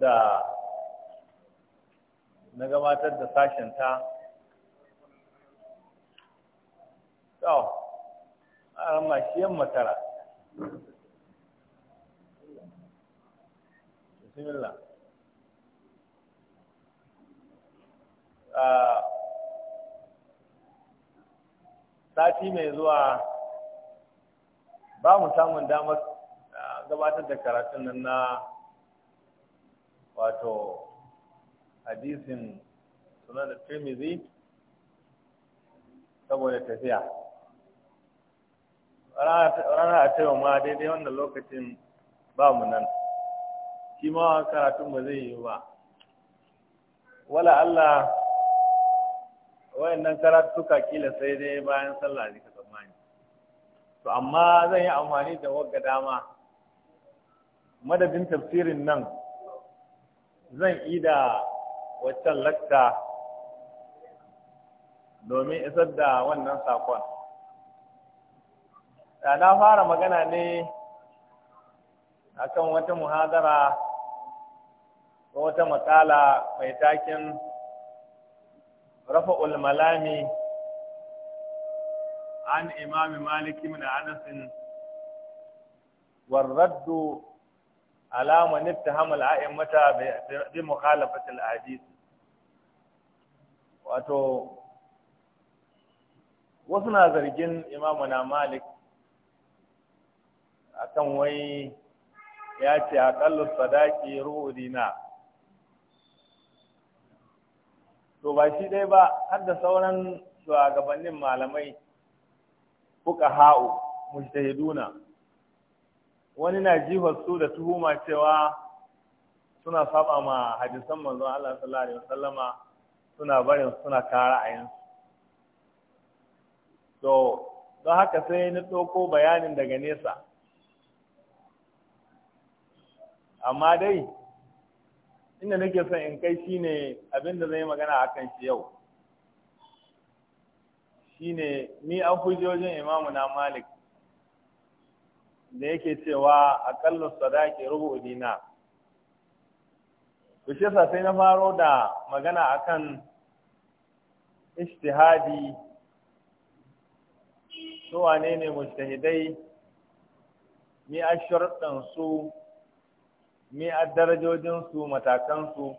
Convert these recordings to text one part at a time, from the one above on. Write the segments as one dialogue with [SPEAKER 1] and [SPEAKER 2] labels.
[SPEAKER 1] da na gabatar da sashen ta to an shi yan bismillah ah, sati mai zuwa ba mu samun damar ah, gabatar da karatun nan na wato hadisin sunan tirmidhi saboda tafiya rana a cewa ma daidai wannan lokacin ba mu nan shi ma karatun ba zai yi ba wala Allah wayannan suka kila sai dai bayan sallah ne ka tsammani to amma zan yi amfani da wagga dama madadin tafsirin nan zan ida waccan lakta domin isar da wannan sakon. Da na fara magana ne akan wata muhadara ko wata matsala mai takin rafa Ulmalami an imami maliki min anasin warraddu alama niftahama al'a'immata bi mukhalafati al-hadith wato wasu na zargin imamu na malik akan wai ya ce aƙallu sadaki ruhu dina to ba shi dai ba har da sauran shugabannin malamai kuka ha'u mujtahiduna wani na ji su da tuhuma cewa suna saba ma hadisan manzon Allah sallallahu alaihi wasallama suna barin suna kara ayin to don haka sai na ɗauko bayanin daga nesa amma dai inda nake son in kai shine abinda zai magana akan shi yau shine ni an hujjojin imamu na malik da yake cewa aƙallu sadaki rubu dina to shi yasa sai na faro da magana akan ijtihadi su wane ne mujtahidai mi a su mi a darajojinsu matakansu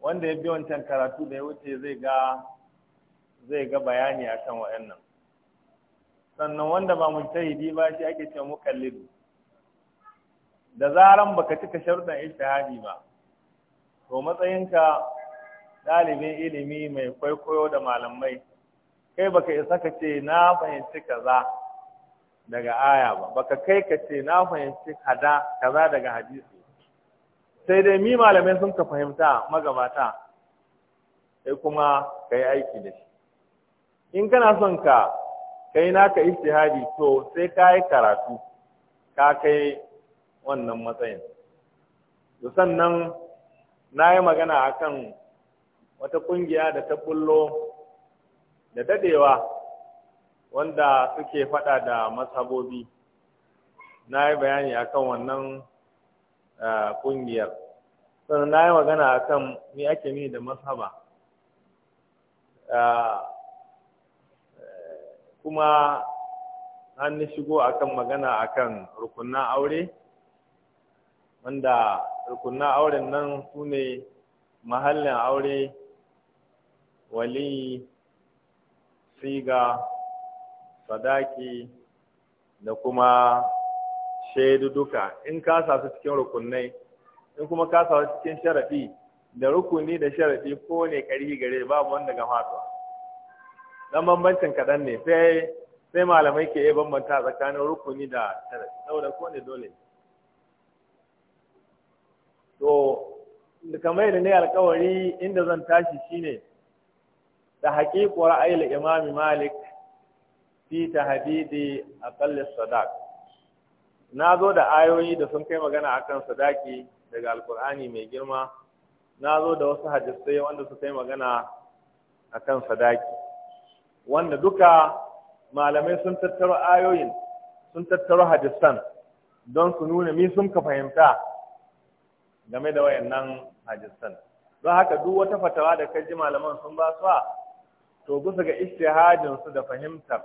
[SPEAKER 1] wanda ya bi wancan karatu da ya wuce zai ga zai ga bayani akan waɗannan sannan wanda ba mujtahidi ba shi ake cewa muqallid da zaran baka cika shartan ijtihadi ba to matsayinka ɗalibin ilimi mai kwaikwayo da malamai kai baka isa ka ce na fahimci kaza daga aya ba baka kai ka ce na fahimci kaza kaza daga hadisi sai dai mi malamai sun ka fahimta magabata sai kuma ka aiki da shi in kana son ka kai naka ijtihadi to sai ka yi karatu ka kai wannan matsayin sannan na yi magana akan wata kungiya da ta bullo da dadewa wanda suke fada da mazhabobi na yi bayani akan wannan kungiyar sannan na yi magana akan ni ake ni da mazhaba kuma an shigo akan magana akan rukunan aure wanda rukunan auren nan su ne mahallin aure wali siga sadaki da kuma shaidu duka in ka su cikin rukunai in kuma ka su cikin sharaɗi da rukuni da sharaɗi ko ne ƙari gare babu wanda ga fatuwa dan bambancin kaɗan ne sai sai malamai ke iya bambanta tsakanin rukuni da sharaɗi saboda ko ne dole to kamar yadda ne alkawari inda zan tashi shine da haƙiƙuwar ayyul imami malik fi tahdidi aqall Sadak, na zo da ayoyi da sun kai magana akan sadaki daga alkur'ani mai girma na zo da wasu hadisai wanda su kai magana akan sadaki wanda duka malamai sun tattaro ayoyin sun tattaro hadisan don su nuna mi sun ka fahimta game da wayannan hadisan don haka duk wata fatawa da ka ji malaman sun ba su to bisa ga ijtihadin su da fahimtar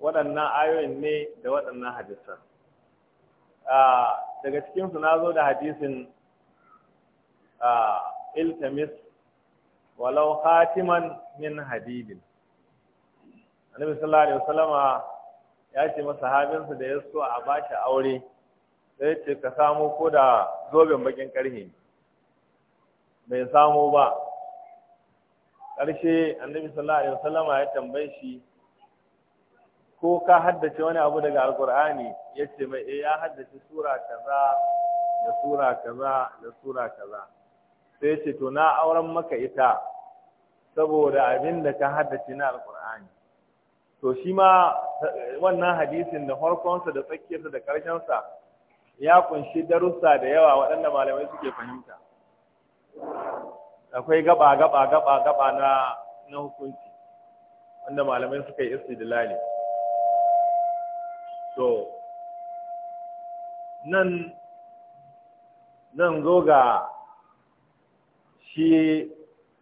[SPEAKER 1] waɗannan ayoyin ne da waɗannan hadisan daga cikin su zo da hadisin iltamis walau khatiman min hadidin annabi sallallahu alaihi wasallama ya ce masa habinsa da ya so a bashi aure sai ya ce ka samo ko da zoben bakin karhe bai samo ba ƙarshe annabi sallallahu alaihi wasallama ya tambaye shi ko ka haddace wani abu daga alkur'ani ya ce mai eh, ya haddace sura kaza da sura kaza da sura kaza sai ya ce to na auren maka ita saboda abin da ka haddace na alkur'ani to shi ma eh, wannan hadisin da farkonsa da tsakiyarsa da ƙarshensa ya kunshi darussa da yawa waɗanda malamai suke fahimta akwai gaba gaba gaba gaba na na hukunci wanda malamai suka yi istidlali to nan nan zo ga shi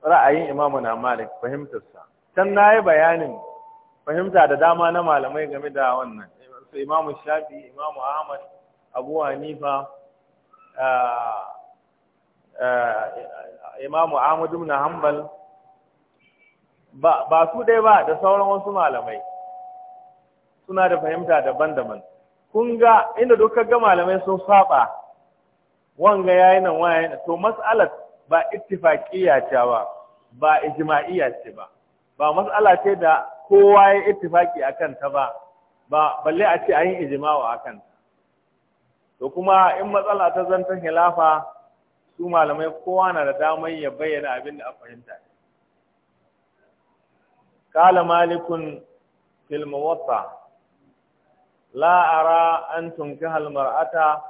[SPEAKER 1] ra'ayin imamu na malik fahimtarsa can na yi bayanin fahimta da dama na malamai game da wannan su imamu shafi imamu ahmad abu hanifa imamu ahmad na hanbal ba su dai ba da sauran wasu malamai suna da fahimta daban-daban kun ga inda dukkan ga malamai sun saba wanga yayi nan waye to mas'alar ba ittifaqiyya ce ba ba ijma'iyya ce ba ba mas'ala ce da kowa ya yi ittifaki a ta ba ba balle a ce an yi ijma'u akan ta to kuma in matsala ta zanta hilafa su malamai kowa na da damar ya bayyana abin da a fahimta kala malikun filma wata, La'ara an tunkaha halmar ata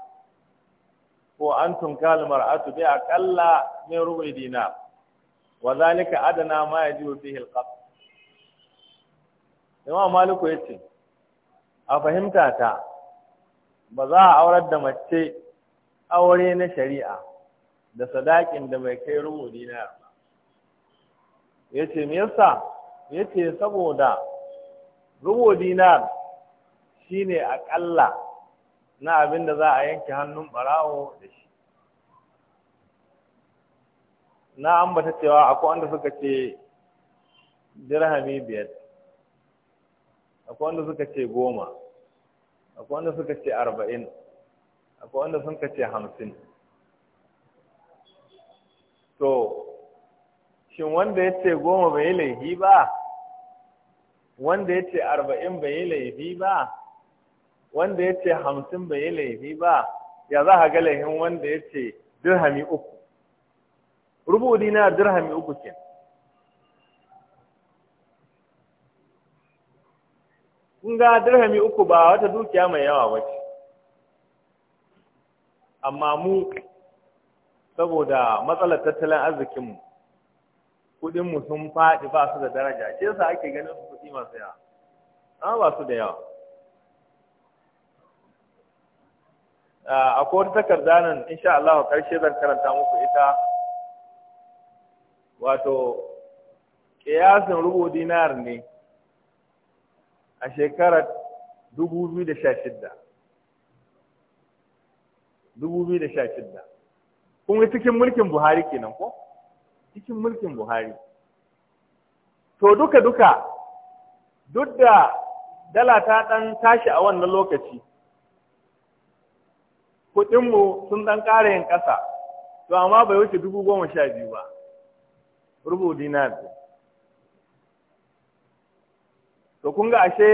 [SPEAKER 1] ko an tunkaha al bai bi aqalla min rubu'i dina. wa zalika adana ma ji wa fi qat imam maliku ya ce a fahimta ta ba za a aurar da mace aure na shari'a da sadakin da mai kai rubu dinara ya ce me yasa ya ce saboda rubu shi shine aƙalla na abin da za a yanke hannun barawo da shi na ambata cewa akwai wanda suka ce dirhami biyar akwai wanda suka ce goma akwai wanda suka ce arba'in akwai wanda suka ce hamsin to shin wanda ya ce goma bai yi laifi ba wanda ya ce arba'in bai yi laifi ba wanda ya ce hamsin bai yi laifi ba ya za a ga laifin wanda ya ce dirhami uku rubudi na dirhami uku kenan kun ga dirhami uku ba wata dukiya mai yawa ba ce amma mu saboda matsalar tattalin arzikinmu kudinmu sun faɗi ba su da daraja ce sa ake ganin su kudi masu yawa amma ba su da yawa akwai wata takarda nan insha Allah karshe zan karanta muku ita wato kiyasin rubu dinar ne a shekarar 2016 2016 kun cikin mulkin buhari kenan ko cikin mulkin buhari to duka-duka duk da dala ta ɗan tashi a wannan lokaci kuɗinmu sun ɗan ƙara yin ƙasa to amma bai wuce dubu goma sha biyu ba rubu dinar to kun ga ashe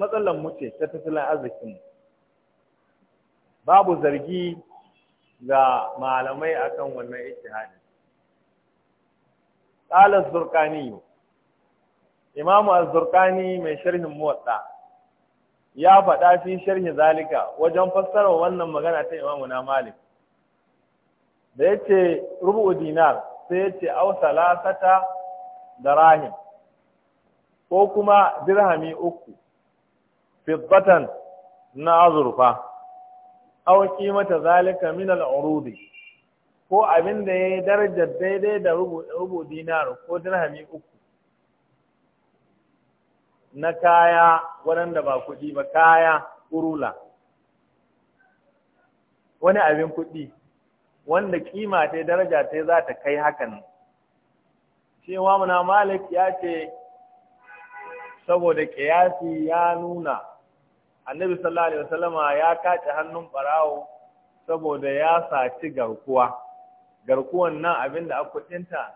[SPEAKER 1] matsalar mu ce ta tattalin arzikin babu zargi ga malamai akan wannan ijtihadi az-zurqani imam az-zurqani mai sharhin muwatta ya faɗa fi sharhi zalika wajen fassara wannan magana ta imamu na malik da yace ce rubu dinar sai yace ce au salasata da rahim ko kuma dirhami uku fiddatan na azurfa aw qimata zalika min al-urudi ko abin da yayi daraja daidai da rubu dinar ko dirhami uku na kaya waɗanda ba kuɗi ba kaya urula wani abin kuɗi wanda kima ta daraja ta za ta kai hakan cewa muna malik ya ce saboda kiyasi ya nuna annabi sallallahu alaihi wasallama ya kace hannun barawo saboda ya saci garkuwa garkuwan nan abinda a kudinta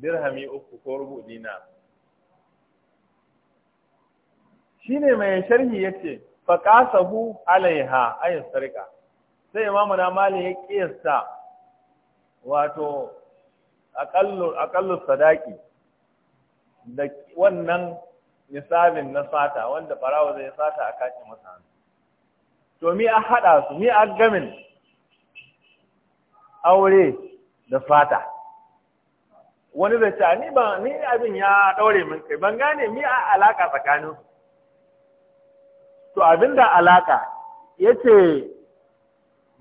[SPEAKER 1] dirhami uku ko rubu dina shine mai sharhi yace faqasahu alaiha ayin sarika sai imamu na mali ya kiyasta wato aqallu aqallu sadaqi da wannan Nisabin na sata wanda barawa zai sata a kashe masa hannu to mi a haɗa su mi a gamin aure da sata wani zai ce ni abin ya ɗaure min kai ban gane mi a alaka tsakanin to abin da alaka yace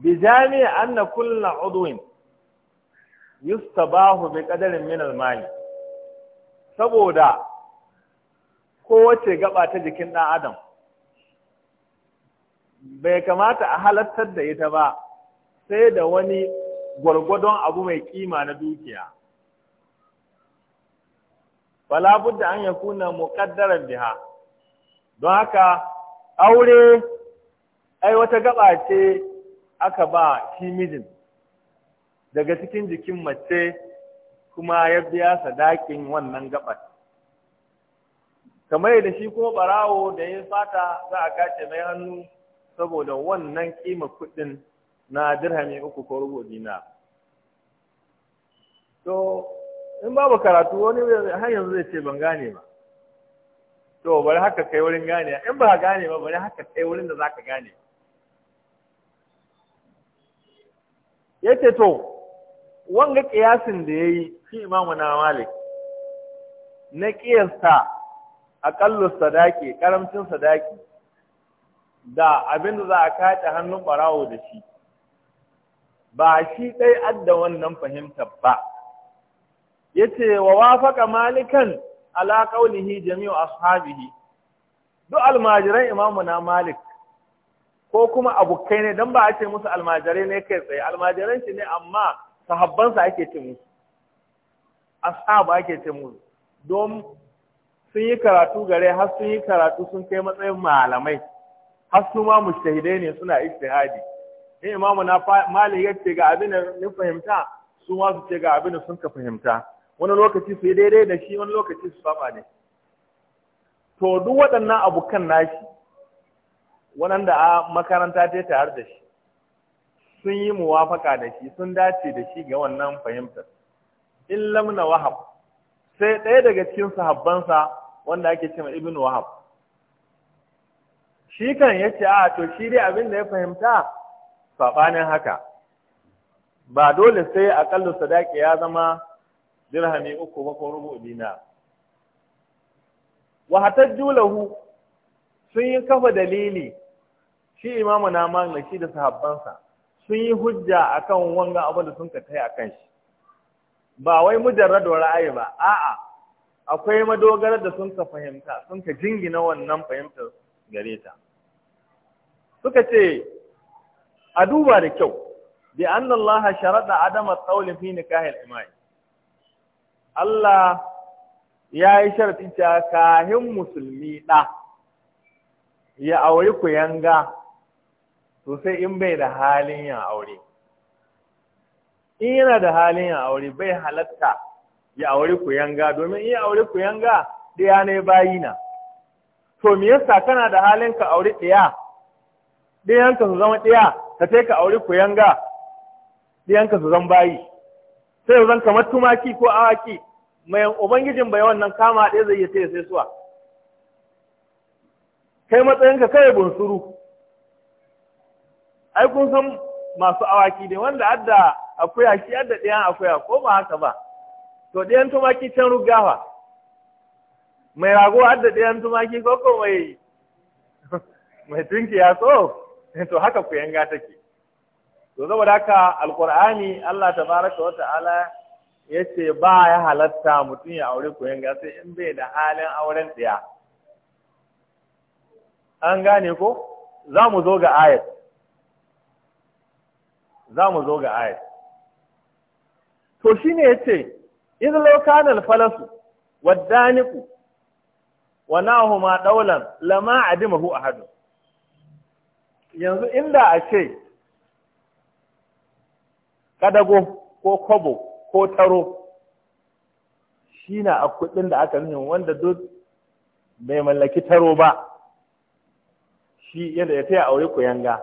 [SPEAKER 1] bi jami'a anna kullu udwin yustabahu bi qadarin min al mali saboda kowace gaba ta jikin ɗan adam bai kamata a halartar da ita ba sai da wani gwargwadon abu mai kima na dukiya bala budda an ya kuna muƙaddarar biha don haka aure ai wata gaba ce aka ba shi mijin daga cikin jikin mace kuma ya biya sadakin wannan gabar kamar yadda shi kuma barawo da ya fata za a kace mai hannu saboda wannan kima kuɗin na dirhami uku ko rubo dina to in babu karatu wani har yanzu zai ce ban gane ba to bari haka kai wurin gane in ba gane ba bari haka kai wurin da zaka gane yace to wanga kiyasin da yayi shi imamu na malik na kiyasta aqallu sadaki karamcin sadaki da abin da za a kace hannun barawo da shi ba shi ɗai adda wannan fahimtar ba Ya yace wa ka malikan ala qawlihi jami'u ashabihi duk almajiran imamu na malik ko kuma abokai ne don ba a ce musu almajirai ne kai tsaye almajiran shi ne amma sahabbansa ake ce musu ashabu ake ce musu don sun yi karatu gare har sun yi karatu sun kai matsayin malamai har su ma mujtahidai ne suna ijtihadi in imamu na malik ya ce ga abin da fahimta su ma su ce ga abin da sun ka fahimta wani lokaci su yi daidai da shi wani lokaci su saba ne to duk waɗannan abokan nashi waɗanda a makaranta ta tare da shi sun yi muwafaka da shi sun dace da shi ga wannan fahimtar in lamna wahab sai ɗaya daga cikin sahabbansa wanda ake ce ma ibn wahab shi kan yace a ah, to shi dai abin da ya fahimta sabanin haka ba dole sai aƙalla sadaki ya zama dirhami uku ba ko rubu dina wa sun yi kafa dalili shi imamu na malik shi da sahabbansa sun yi hujja akan wanga abu da sun ka kai akan shi ba wai mujarradin ra'ayi ba a'a akwai madogarar da sun ka fahimta sun ka jingina wannan fahimtar gare ta suka ce a duba da kyau bi annallaha Allah sharada adama qawli fi nikahil imai Allah ya yi sharadi ta kahin musulmi da ya aure ku yanga to sai in bai da halin ya aure in yana da halin ya aure bai halatta ya aure ku yanga domin in ya aure ku yanga ɗaya ne bayi na to me yasa kana da halin ka aure ɗaya ɗayanka su zama ɗaya ka sai ka aure ku yanga ɗayanka su zama bayi sai zan kamar tumaki ko awaki mai ubangijin bai wannan kama ɗaya zai yi sai sai suwa kai matsayinka kai bunsuru ai kun san masu awaki ne wanda adda akuya shi adda ɗayan akuya ko ba haka ba to ɗayan tumaki can rugawa mai rago adda ɗayan tumaki ko ko mai mai ya so to haka ku yanga take to saboda haka alqur'ani Allah tabaraka wa ta'ala ce ba ya halatta mutum ya aure ku yanga sai in bai da halin auren ɗaya an gane ko za mu zo ga ayat za mu zo ga ayat to shine yace ya law kana al falasu wadaniku wa nahuma ɗaulan, lama adimahu ahad yanzu inda a ce kadago ko kobo ko taro shi na a da aka nuna wanda duk bai mallaki taro ba shi yadda ya taya aure ku yanga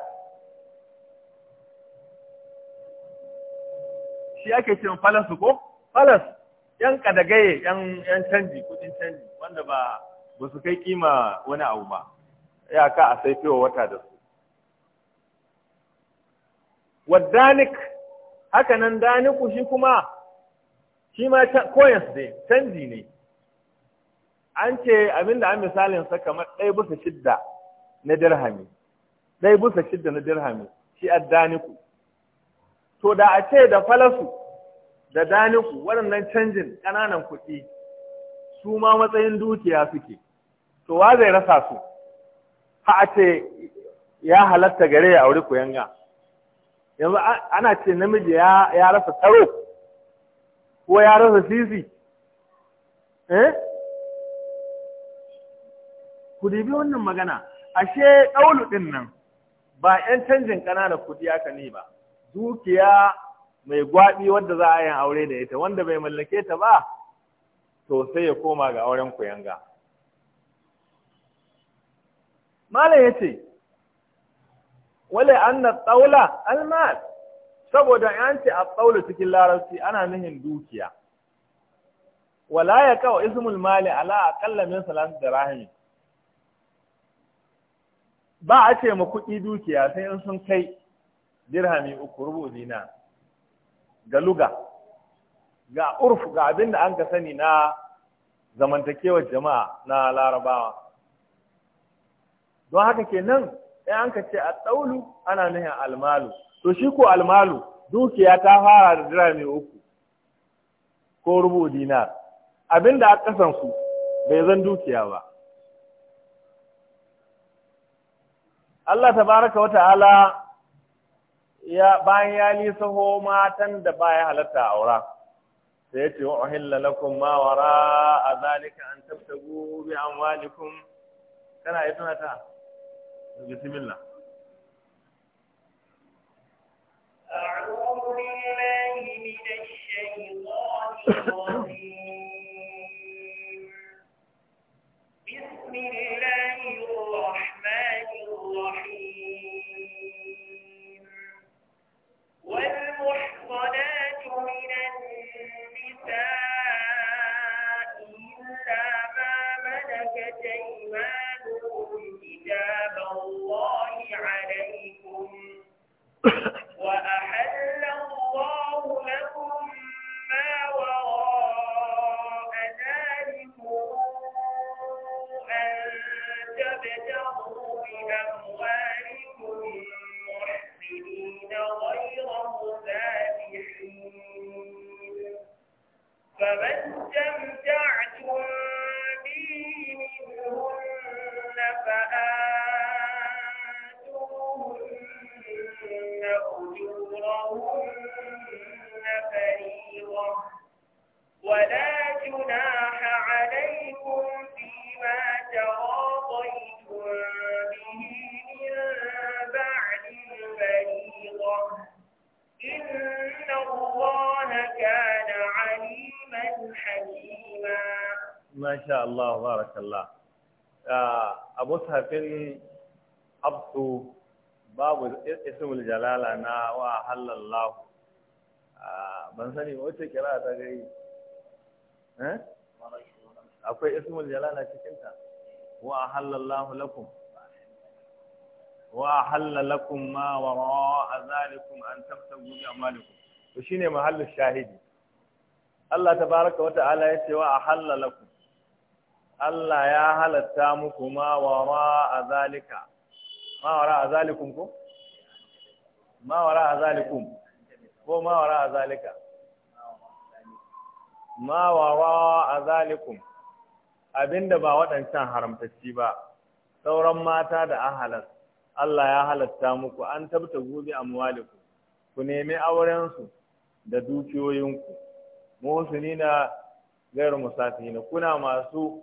[SPEAKER 1] shi ake cin falasu ko falas yan kadagaye yan yan canji kudin canji wanda ba ba su kai kima wani abu ba ya ka a sai fiwa wata da su wadanik haka nan daniku shi kuma shi ma koyas dai canji ne an ce abinda an misalin sa kamar ɗaya bisa shidda na dirhami ɗaya bisa shidda na dirhami shi addaniku to da a ce da falasu da daniku waɗannan canjin ƙananan kuɗi su ma matsayin dukiya suke to wa zai rasa su ha a ce ya halatta gare ya auri kuyanga yanzu ana ce namiji ya rasa taro ko ya rasa sisi eh ku dibi wannan magana ashe ɗaulu ɗin nan ba 'yan canjin ƙananan kuɗi aka ne ba dukiya mai gwaɓi wadda za a yi aure da ita wanda bai mallake ta ba to sai ya koma ga auren kuyanga malam ya ce wale an na tsaula almal saboda an ce a tsaula cikin larabci ana nuhin dukiya wala ya kawo ismul mali ala aqalla min salatu dirahim ba a ce ma kuɗi dukiya sai in sun kai dirhami uku rubu dina ga luga ga urf ga abin da an ka sani na zamantakewar jama'a na larabawa don haka kenan in an ka ce a ɗaulu ana nuhin almalu to shi ko almalu dukiya ta fara da dirhami uku ko rubu dina abin da a kasansu bai zan dukiya ba Allah tabaraka wa ta'ala ya bayan ya lisaho matan da baya halatta aura sai ya ce wa uhilla lakum ma wara a zalika an tabtagu bi amwalikum kana yi tunata bismillah masha Allah barakallah a ah, mushafin abdu babu ismul jalala na wa halallahu ah, ban sani wace kira ta gai eh? akwai ismul jalala cikinta wa halallahu lakum wa halla ma wa zalikum an tabtagu bi amalikum to shine mahallu shahidi Allah tabaaraka wa ta'ala yace wa halla lakum Allah ya halatta muku ma wara a zalika ma wara a zalikum ko ma wara a zalikun, ko ma wara a zalika ma wara a zalikum abinda ba waɗancan haramtacci ba sauran mata da ahalas Allah ya halatta muku an tabta gobe a muwaliku. ku nemi aurensu da dukiyoyinku muhsini na gairu musafihina kuna masu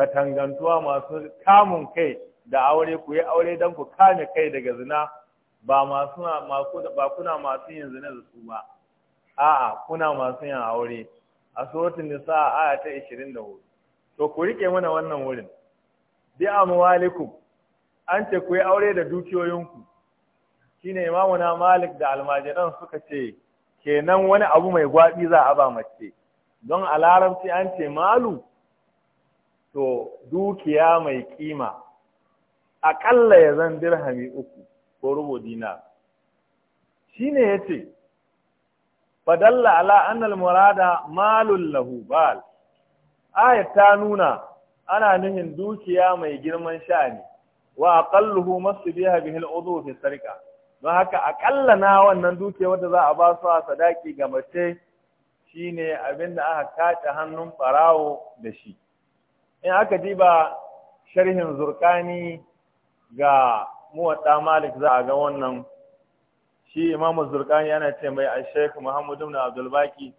[SPEAKER 1] katangantuwa masu kamun kai da aure ku yi aure don ku kame kai daga zina ba masu ba kuna masu yin zina da su ba a'a kuna masu yin aure a suratul nisa aya ta 24 to ku riƙe mana wannan wurin bi amwalikum an ce ku yi aure da dukiyoyinku shine imamuna malik da almajiran suka ce kenan wani abu mai gwabi za a ba mace don a larabci an ce malu to dukiya mai kima aƙalla ya zan dirhami uku ko rubo dina shi ne ya ce fadalla ala annal murada malul lahu bal ayat ta nuna ana nuhin dukiya mai girman sha'ani wa aqalluhu masbiha bihi al-udhu fi sarika don haka aƙalla na wannan dukiya wanda za a ba su a sadaki ga mace shine abinda aka kace hannun farawo da shi in aka diba sharhin zurkani ga muwatta malik za a ga wannan shi imamu zurkani yana ce mai a sheikh muhammadu ibn abdulbaki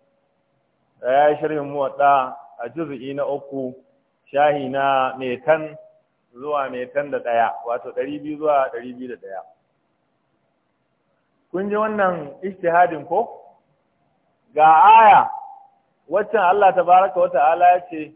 [SPEAKER 1] da ya yi sharhin muwatta a juzu'i na uku shahi na metan zuwa metan da ɗaya wato ɗari zuwa ɗari kun ji wannan istihadin ko ga aya waccan Allah tabaraka Wata'ala ta'ala ya ce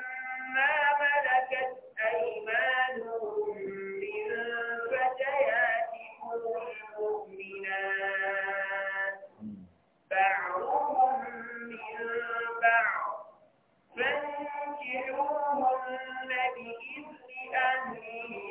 [SPEAKER 2] فارجعوهن بإذن أهلهن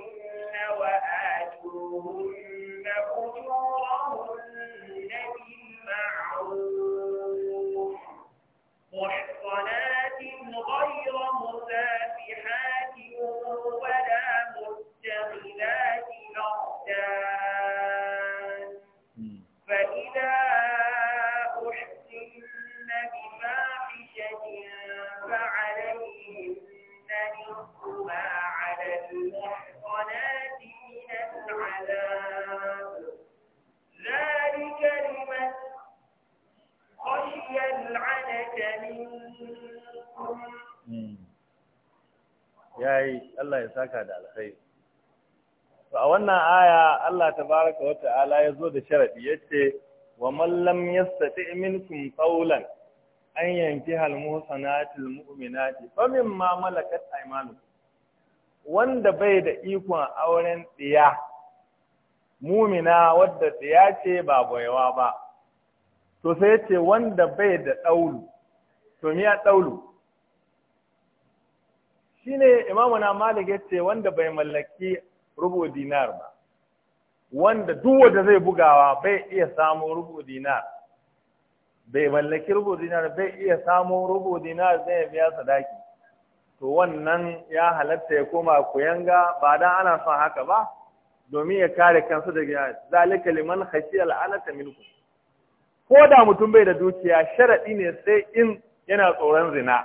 [SPEAKER 1] yayi Allah ya saka da alkhairi to a wannan aya Allah tabaraka wa ta'ala ya zo da sharadi yace wa man lam yastati minkum qawlan an yanki hal muhsanatil mu'minati fa mimma malakat aymanukum wanda bai da ikon auren ɗiya, mumina wadda ɗiya ce ba baiwa ba, to sai ce wanda bai da ɗaulu, to miya ɗaulu, shine imamu na malik ya ce wanda bai mallaki rubu dinar ba wanda duk wanda zai bugawa bai iya samu rubu dinar bai mallaki rubu dinar bai iya samu rubu dinar zai biya sadaki to wannan ya halatta ya koma kuyanga ba dan ana son haka ba domin ya kare kansa daga zalika liman khashiyal al'anata minkum ko da mutum bai da dukiya sharadi ne sai in yana tsoron zina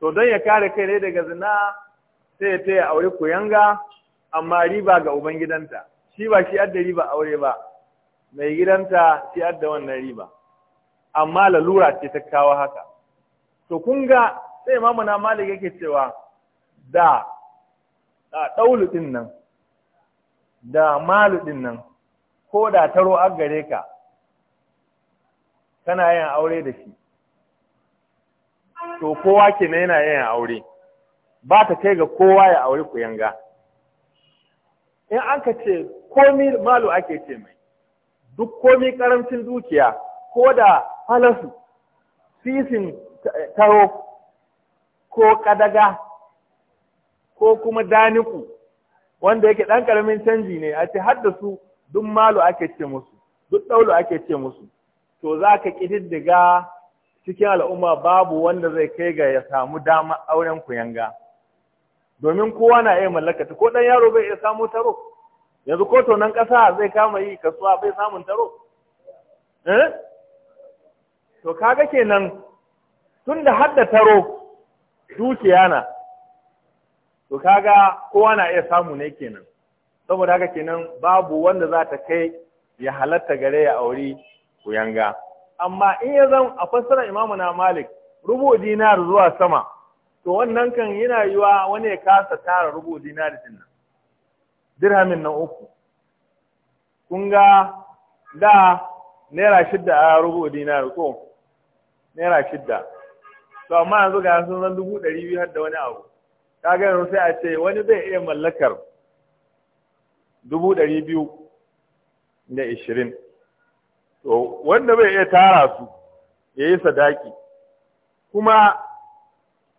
[SPEAKER 1] to don ya kare kai ne daga zina sai ya taya aure kuyanga amma riba ga ubangidanta shi ba shi adda riba aure ba mai gidanta shi adda wannan riba amma lalura ce ta kawo haka to kunga sai Mamu na malik yake cewa da a ɗauluɗin nan da maluɗin nan ko da taro a gare ka kana yin aure da shi to kowa ke na yana yin aure ba ta kai ga kowa ya aure ku yanga in an ka ce komi malu ake ce mai duk komi karancin dukiya ko da halasu sisin taro ko kadaga ko kuma daniku wanda yake ɗan karamin canji ne a ce haddasu duk malu ake ce musu duk daulu ake ce musu to za ka ƙididdiga cikin al'umma babu wanda zai kai ga ya samu dama auren yanga, domin kowa na iya mallakata ko dan yaro bai iya samu taro yanzu ko tonon ƙasa zai kama yi kasuwa bai samun taro eh to kaga kenan tunda har da taro dukiya na to kaga kowa na iya samu ne kenan saboda haka kenan babu wanda za ta kai ya halatta gare ya auri kuyanga amma in ya zan a fassara imamu na malik rubu dinar zuwa sama to wannan kan yana yiwa wani ya kasa tara rubu dinar din nan dirhamin na uku kun ga da naira shidda a rubu dinar ko naira shidda to amma yanzu ga sun zan dubu ɗari biyu har da wani abu ka ga yanzu sai a ce wani zai iya mallakar dubu ɗari biyu da ishirin to wanda bai iya tara su ya yi sadaki kuma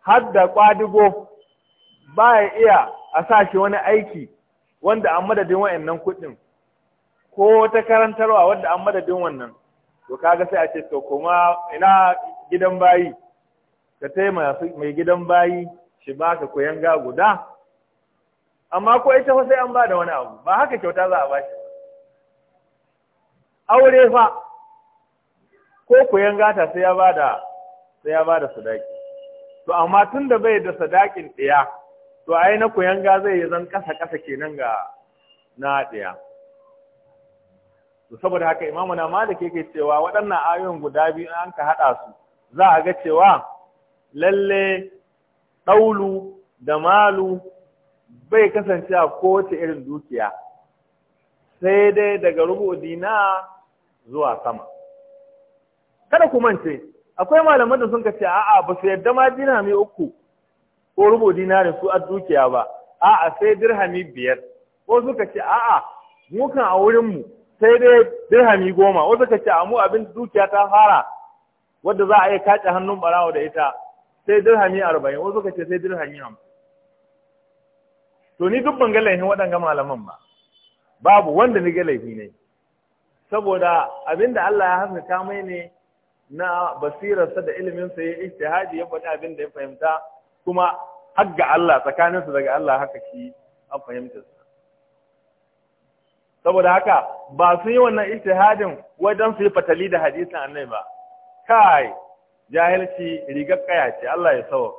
[SPEAKER 1] har da ƙwadigo ba ya iya a sa shi wani aiki wanda an madadin nan kuɗin ko ta karantarwa wanda an madadin wannan to kaga sai a ce to kuma ina gidan bayi ka taimaka mai gidan bayi shi ba ka koyan guda amma ko ita fa sai an ba da wani abu ba haka kyauta za a ba aure fa ko koyan gata sai ya bada sai ya bada sadaki to amma tun da bai da sadakin ɗaya to ai na koyan ga zai yi zan kasa kasa kenan ga na ɗaya to saboda haka imamu na malik yake cewa waɗannan ayoyin guda biyu an ka haɗa su za a ga cewa lalle ɗaulu da malu bai kasance a kowace irin dukiya sai dai daga rubu dina zuwa sama kada ku ce, akwai malamai da sun ka ce a'a ba su yadda ma dirhami uku ko rubu da su a dukiya ba a'a sai dirhami biyar ko suka ce a'a mukan a wurinmu sai dai dirhami goma wasu suka ce a mu abin dukiya ta fara wadda za a yi kace hannun barawo da ita sai dirhami arba'in wasu suka ce sai dirhami hamsin to ni duk ban ga laifin waɗanga malaman ba babu wanda ni ga laifi ne saboda abinda Allah ya haskaka mai ne na basirarsa da ilimin sa ya ijtihadi ya faɗi abin da ya fahimta kuma hagga allah Allah tsakaninsa daga Allah haka shi an fahimta saboda haka ba su yi wannan ijtihadin wajen su yi fatali da hadisin annabi ba kai jahilci rigar kaya ce Allah ya sawa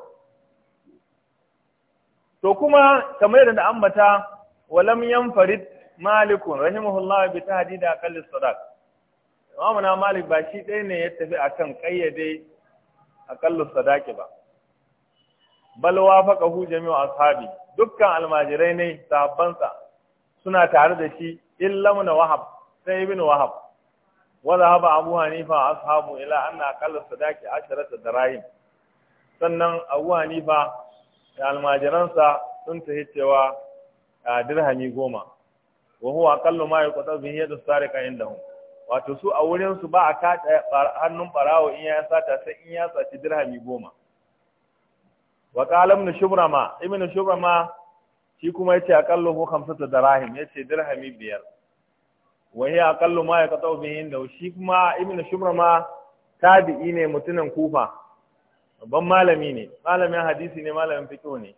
[SPEAKER 1] to kuma kamar yadda ambata walam yanfarid malikun rahimahullahu bi tahdid aqall sadaq na malik ba shi ɗaya ne ya tafi akan kayyade aqall sadaqi ba bal wafaqahu jami'u ashabi dukkan almajirai ne sahabbansa suna tare da shi illa mun wahab sai ibn wahab wa dhahaba abu hanifa ashabu ila anna aqall sadaqi 10 dirahim sannan abu hanifa da almajiransa sun tafi cewa dirhami goma wa huwa aqallu ma yuqtazu bihi yadu sarika indahum wato su a wurin su ba a kada hannun barawo in ya sata sai in ya saci dirhami goma wa qala ibn shubrama ibn shubrama shi kuma yace aqallu hu khamsatu dirahim yace dirhami biyar wa hiya aqallu ma yuqtazu bihi indahu shi kuma ibn shubrama tabi'i ne mutunan kufa babban malami ne malamin hadisi ne malamin fiqh ne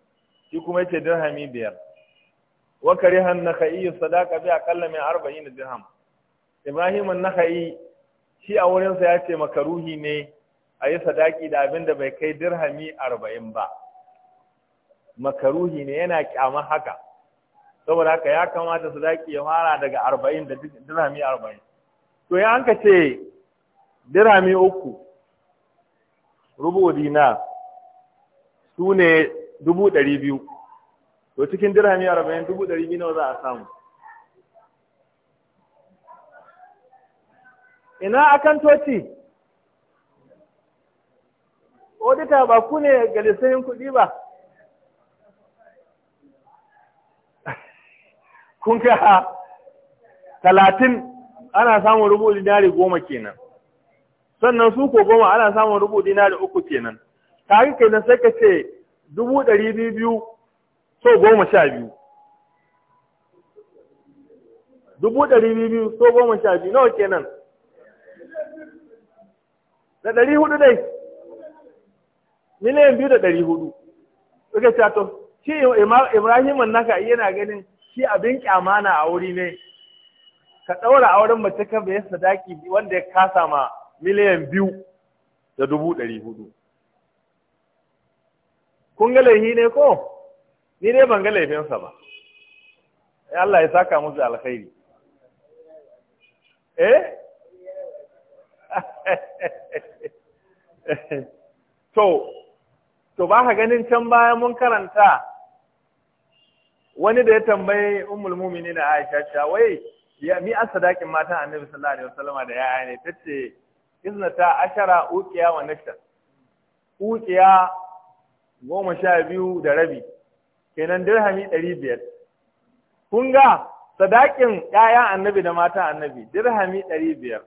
[SPEAKER 1] shi kuma yace dirhami biyar wa kariha an-nakhai sadaqa bi aqalla min 40 dirham Ibrahim an-nakhai shi a wurinsa ya ce makaruhi ne a yi sadaki da abin da bai kai dirhami arba'in ba makaruhi ne yana kyama haka saboda haka ya kamata sadaki ya fara daga 40 da dirhami arba'in. to ya anka ce dirhami uku rubu dinar su ne dubu ɗari biyu to cikin dirhami arba'in dubu ɗari biyu nawa za a samu ina toci? odita ba ku ne ga lissafin kuɗi ba kun kai talatin ana samun rubu dinari goma kenan sannan su ko goma ana samun rubu dinari uku kenan ta haka na sai ka ce dubu ɗari biyu so goma sha biyu dubu ɗari biyu so goma sha biyu nawa kenan da ɗari hudu dai miliyan biyu da ɗari hudu suka ce to shi ibrahim naka yana ganin shi abin kyamana a wuri ne ka ɗaura auren mace kan bai sadaki wanda ya kasa ma miliyan biyu da dubu ɗari hudu kun ga laihi ne ko ni dai ban ga laifinsa ba Allah ya saka musu alkhairi eh to to ba ka ganin can baya mun karanta wani da ya tambayi ummul na Aisha ta wai ya mi sadakin matan Annabi sallallahu alaihi wasallama da yaya ne tace iznata ashara uqiya wa nashta uqiya goma sha biyu da rabi kenan dirhami ɗari biyar kun ga sadakin ƴaƴan annabi da mata annabi dirhami ɗari biyar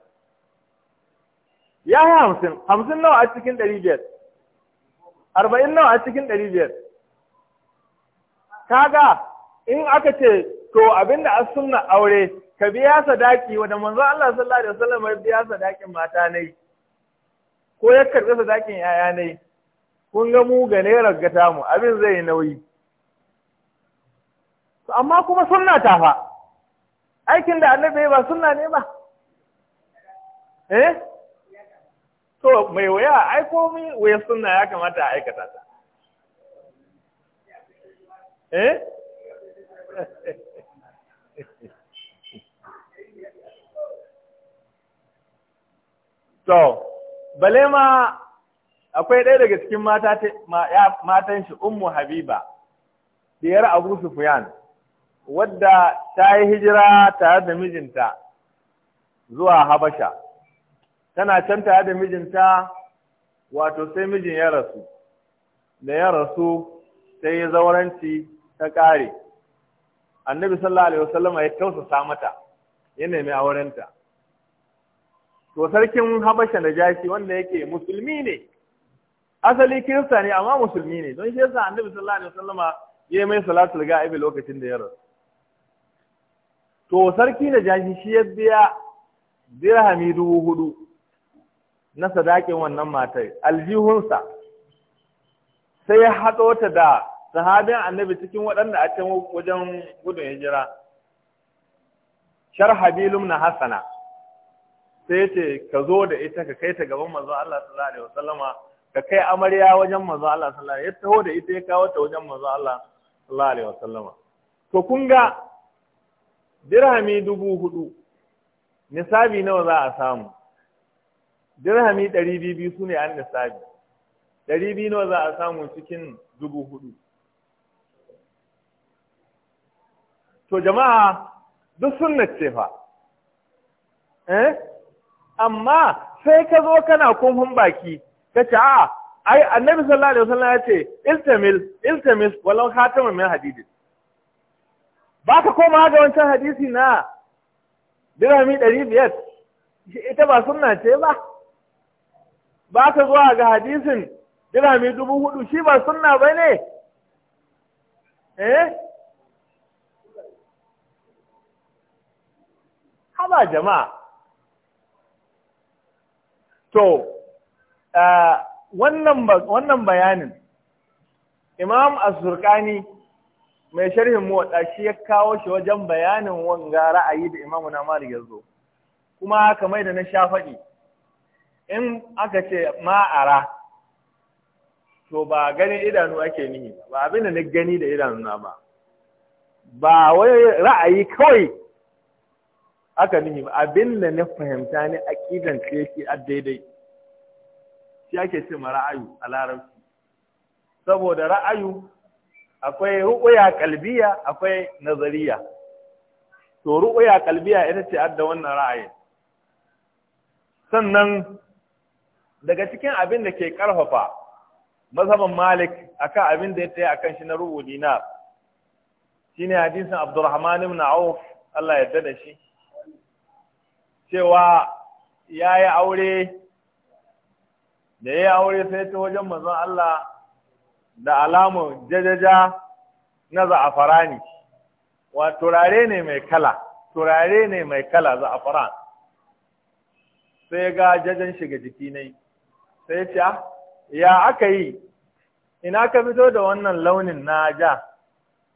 [SPEAKER 1] ya yi hamsin hamsin nawa a cikin ɗari biyar arba'in nawa a cikin ɗari biyar kaga in aka ce to abinda da sunna aure ka biya sadaki wanda manzo Allah sallallahu alaihi wasallam ya biya sadakin mata ne ko ya karɓi sadakin yaya ne kun ga mu ga ne ragata mu abin zai nauyi to amma kuma sunna ta fa
[SPEAKER 2] aikin da annabi ba sunna ne ba
[SPEAKER 1] eh to mai waya ai komai waya sunna ya kamata a aikata ta eh to bale ma akwai ɗaya daga cikin matan shi ummu habiba diyar abu sufyan wadda ta yi hijira tare da mijinta zuwa habasha tana can tare da mijinta wato sai mijin ya rasu da ya rasu sai ya zauranci ta ƙare annabi sallallahu alaihi wasallam ya tausasa mata ya nemi aurenta to sarkin habasha da jashi wanda yake musulmi ne asali kirista ne amma musulmi ne don shi yasa annabi sallallahu alaihi wasallama ya mai salatul ga'ibi lokacin da ya rasu to sarki da jashi shi ya biya dirhami dubu hudu na sadakin wannan matar aljihunsa sai ya haɗo ta da sahabin annabi cikin waɗanda a can wajen gudun hijira habilum na hasana sai ce ka zo da ita ka kai ta gaban manzon Allah sallallahu alaihi wasallama ka kai amarya wajen manzon Allah sallallahu alaihi ya taho da ita ya kawo ta wajen manzon Allah sallallahu alaihi wasallama to kun ga dirhami dubu hudu nisabi nawa za a samu dirhami ɗari biyu su ne an nisabi ɗari biyu nawa za a samu cikin dubu hudu to jama'a duk sun ce fa eh amma sai ka zo kana kumfin baki ka ce a ai annabi sallallahu alaihi wasallam ya ce iltamil iltamil walau khataman min hadidin ba ka koma ga wancan hadisi na dirhami ɗari biyar ita ba sunna ce ba ba ka zuwa ga hadisin dirhami dubu hudu shi ba sunna ba ne eh haba jama'a to eh, wannan bayanin imam azurkani mai sharhin muwadda shi ya kawo shi wajen bayanin wanga ra'ayi da imamu na malik yazo kuma kamar da na sha faɗi in aka ce ma'ara to ba ganin idanu ake nihi ba abin da na gani da idanu na ba ba wai ra'ayi kawai aka nihi ba abin da na fahimta ne aqidan ce yake a daidai shi ake ce ma ra'ayu a larabci saboda ra'ayi. akwai ru'uya kalbiya akwai nazariya to ru'uya kalbiya ita ce adda wannan ra'ayi sannan daga cikin abin da ke karfafa mazhaban malik akan abin da ya tsaye akan shi na rubu dinar shine hadisin abdurrahman ibn auf Allah ya yarda da shi cewa yayi aure da yayi aure sai ta wajen manzon Allah da alamun jajaja na za'afarani wa turare ne mai kala turare ne mai kala za'afaran sai ga jajan shiga jiki ne sai ce ah, ya aka yi ina ka fito da wannan launin na ja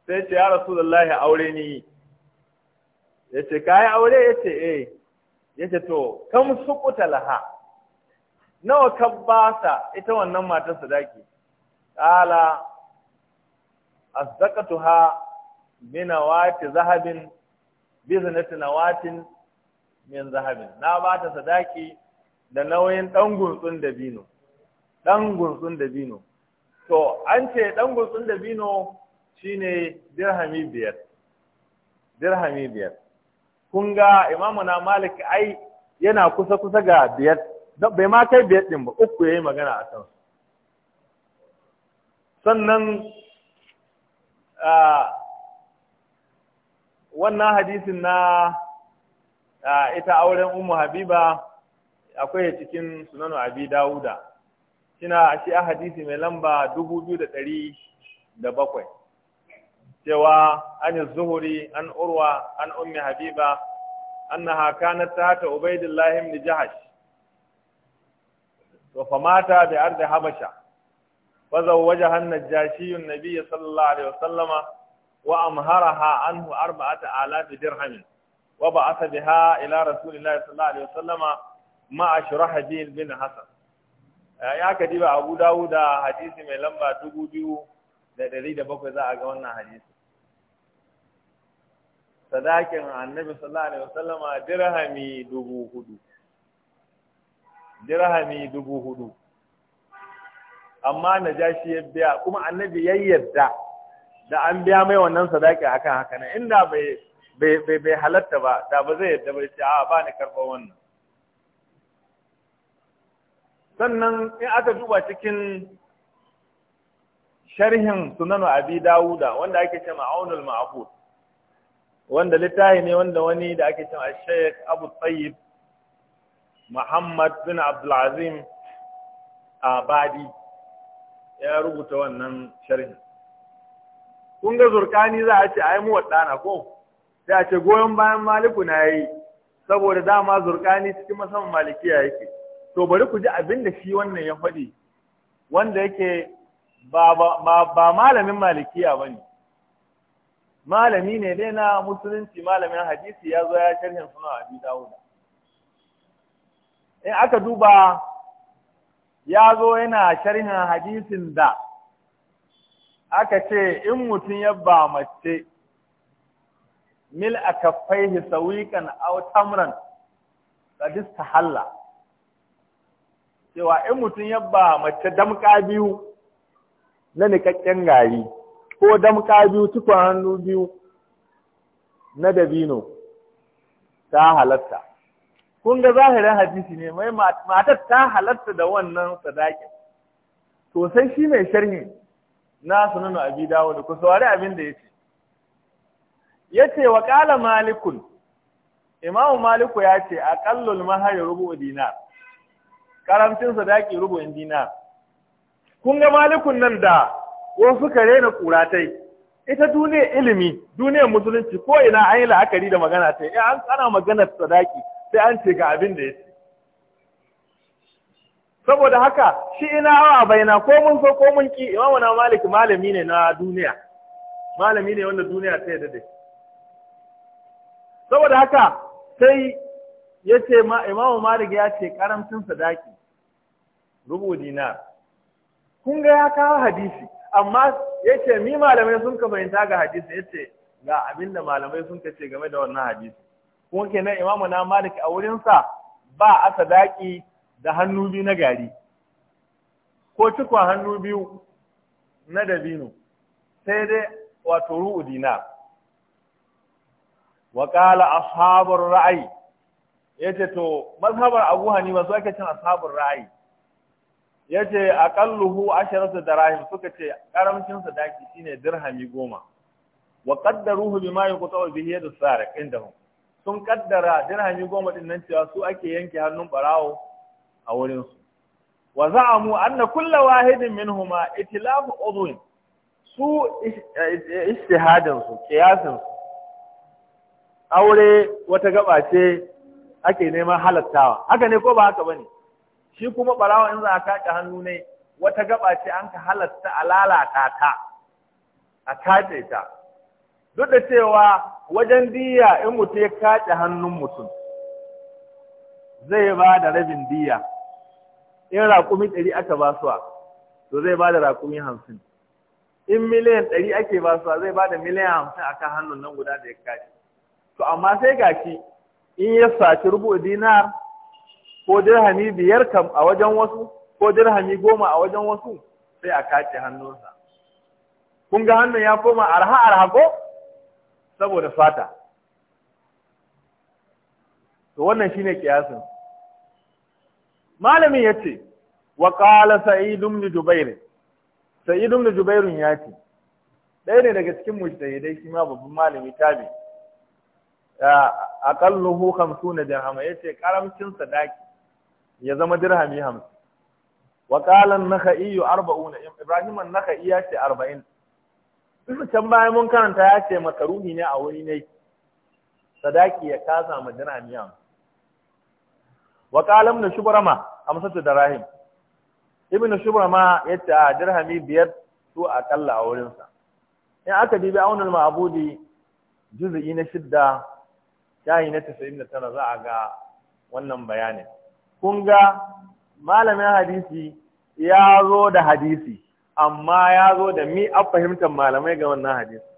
[SPEAKER 1] sai ce ya rasulullahi aure ni ya ce ka yi aure ya ce eh ya ce to kam sukuta laha nawa ka ba ita wannan matar sadaki قال أصدقتها بنواة ذهب بزنة نواة من zahabin na bata sadaki da nauyin ɗan gurtsun da ɗan gurtsun da to an ce ɗan gurtsun da bino shine dirhami biyar Kunga biyar yana kusa kusa ga biyar bai ma kai biyar ɗin ba uku yayi magana a kansu sannan wannan hadisin na ita auren Umu habiba akwai cikin sunanu abi dawuda shina shi a hadisi mai lamba dubu biyu da ɗari da bakwai cewa an zuhuri an urwa an ummi habiba na kanat tata ubaidillahi ibn jahash wa famata bi ardi habasha وزوجها النجاشي النبي صلى الله عليه وسلم وأمهرها عنه أربعة آلاف درهم وبعث بها إلى رسول الله صلى الله عليه وسلم مع شرح دين بن حسن يا ka diba abu حديث من mai lamba dubu biyu da ɗari da bakwai wannan hadisi sadakin annabi sallallahu alaihi wasallama dirhami dubu hudu dirhami dubu hudu amma najashi ya biya kuma annabi ya yarda da an biya mai wannan sadaki akan haka nan inda bai bai halatta ba da ba zai yarda ba ce a ba ni karɓar wannan sannan in aka duba cikin sharhin sunanu abi dawuda wanda ake ce ma'aunul ma'bud wanda littafi ne wanda wani da ake ce al-shaykh abu tayyib muhammad bin abdul azim abadi ya rubuta wannan sharhi kun ga zurkani za a ce ai mu wadana ko sai a ce goyon bayan maliku na yi saboda dama zurkani cikin masaman malikiya yake to bari ku ji abin da shi wannan ya faɗi wanda yake ba ba malamin malikiya bane malami ne dai na musulunci malamin hadisi ya zo ya sharhin suna abi dawuda in aka duba ya zo yana sharhin hadisin da aka ce in mutum ya ba mace mil a kafaihi sawiƙan aw tamran qadis halla cewa in mutum ya ba mace damƙa biyu na nikakken gari ko damƙa biyu tukun hannu biyu na dabino ta halatta kun ga zahirin hadisi ne mai matar ta halatta da wannan sadakin to sai shi mai sharhi na sunanu abi dawud ku saurari abin da yace yace wa qala malikun imamu maliku ya ce aqallul mahari rubu dinar karamcin sadaki rubu dinar kun ga malikun nan da ko suka rena kuratai ita duniyar ilimi duniyar musulunci ko ina an la'akari da magana ta yi an tsana maganar sadaki sai an ce ga abin da ya ce saboda haka shi ina awa baina ko mun so ko mun ki imamu na maliki malami ne na duniya malami ne wanda duniya ta yadda dai saboda haka sai ya ce imamu maliki ya ce karamcin sadaki rubu dinar kun ga ya kawo hadisi amma ya ce mi malamai sun ka fahimta ga hadisi ya ce ga abinda malamai sun ka ce game da wannan hadisi kuma kenan imamu na malik a wurinsa ba a sadaki da hannu biyu na gari ko cikwa hannu biyu na dabino sai dai wato ru'u dina wa kala ashabur ra'ayi yace to mazhabar abu hanifa su ake cin ashabur ra'ayi yace aqalluhu asharatu dirahim suka ce karamcin sadaki shine dirhami goma wa qaddaruhu bima yuqta'u bihi yadu sariq indahum sun kaddara dirhami goma din nan cewa su ake yanke hannun barawo a wurin su wa za'amu anna kullu wahidin minhuma itlaf udhun su eh, istihadan su qiyasin su aure wata gaba ce ake neman halattawa haka ne ko ba haka bane shi kuma barawo in za a kaɗe hannu ne wata gaba ce an ka halatta a lalata ta a kaɗe ta duk da cewa wajen diya in mutu ya kaɗe hannun mutum zai ba da rabin diya in raƙumi ɗari aka ba suwa to zai ba da raƙumi hamsin in miliyan ɗari ake ba suwa zai ba da miliyan hamsin akan hannun nan guda da ya kaɗe to amma sai ga shi in ya saci rubu dinar ko dirhami biyar kam a wajen wasu ko dirhami goma a wajen wasu sai a kace hannunsa kun ga hannun ya koma arha arha ko saboda fata to wannan shine kiyasin malamin yace wa qala sa'id ibn jubair sa'id ibn jubair yace ɗaya ne daga cikin mujtahidai shi ma babban malami tabi aqalluhu 50 ya yace karamcin sadaki ya zama dirhami 50 wa qala an-nakhai 40 ibrahim an-nakhai yace 40 duk can bayan mun karanta ya ce makaruhi ne a wuri ne sadaki ya kasa ma miyan. wa qalam na shubrama amsatu darahim ibnu shubrama ce a ah, dirhami biyar su a kalla a wurinsa. sa in aka dibi aunul ma'budi juz'i na shidda shayi na 99 za a ga wannan bayanin kun ga malamin hadisi ya zo da hadisi amma ya zo da mi a fahimtar malamai ga wannan hadisi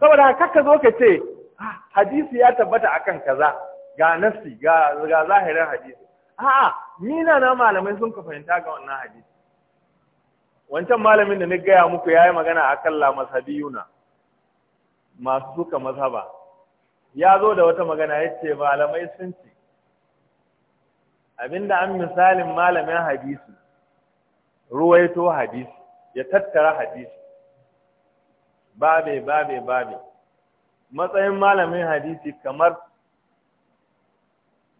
[SPEAKER 1] saboda kakka zo ka ce ah, hadisi ya tabbata akan kaza ga nafsi ga zahirin hadisi a'a ni na na malamai sun ka fahimta ga wannan hadisi wancan malamin da na gaya muku ya yi magana a Kalla masabiyuna masu suka mazhaba ya zo da wata magana ya ce malamai sun ce abinda an misalin malamin hadisi ruwaito hadisi ya tattara hadisi babe babe babe matsayin malamin hadisi kamar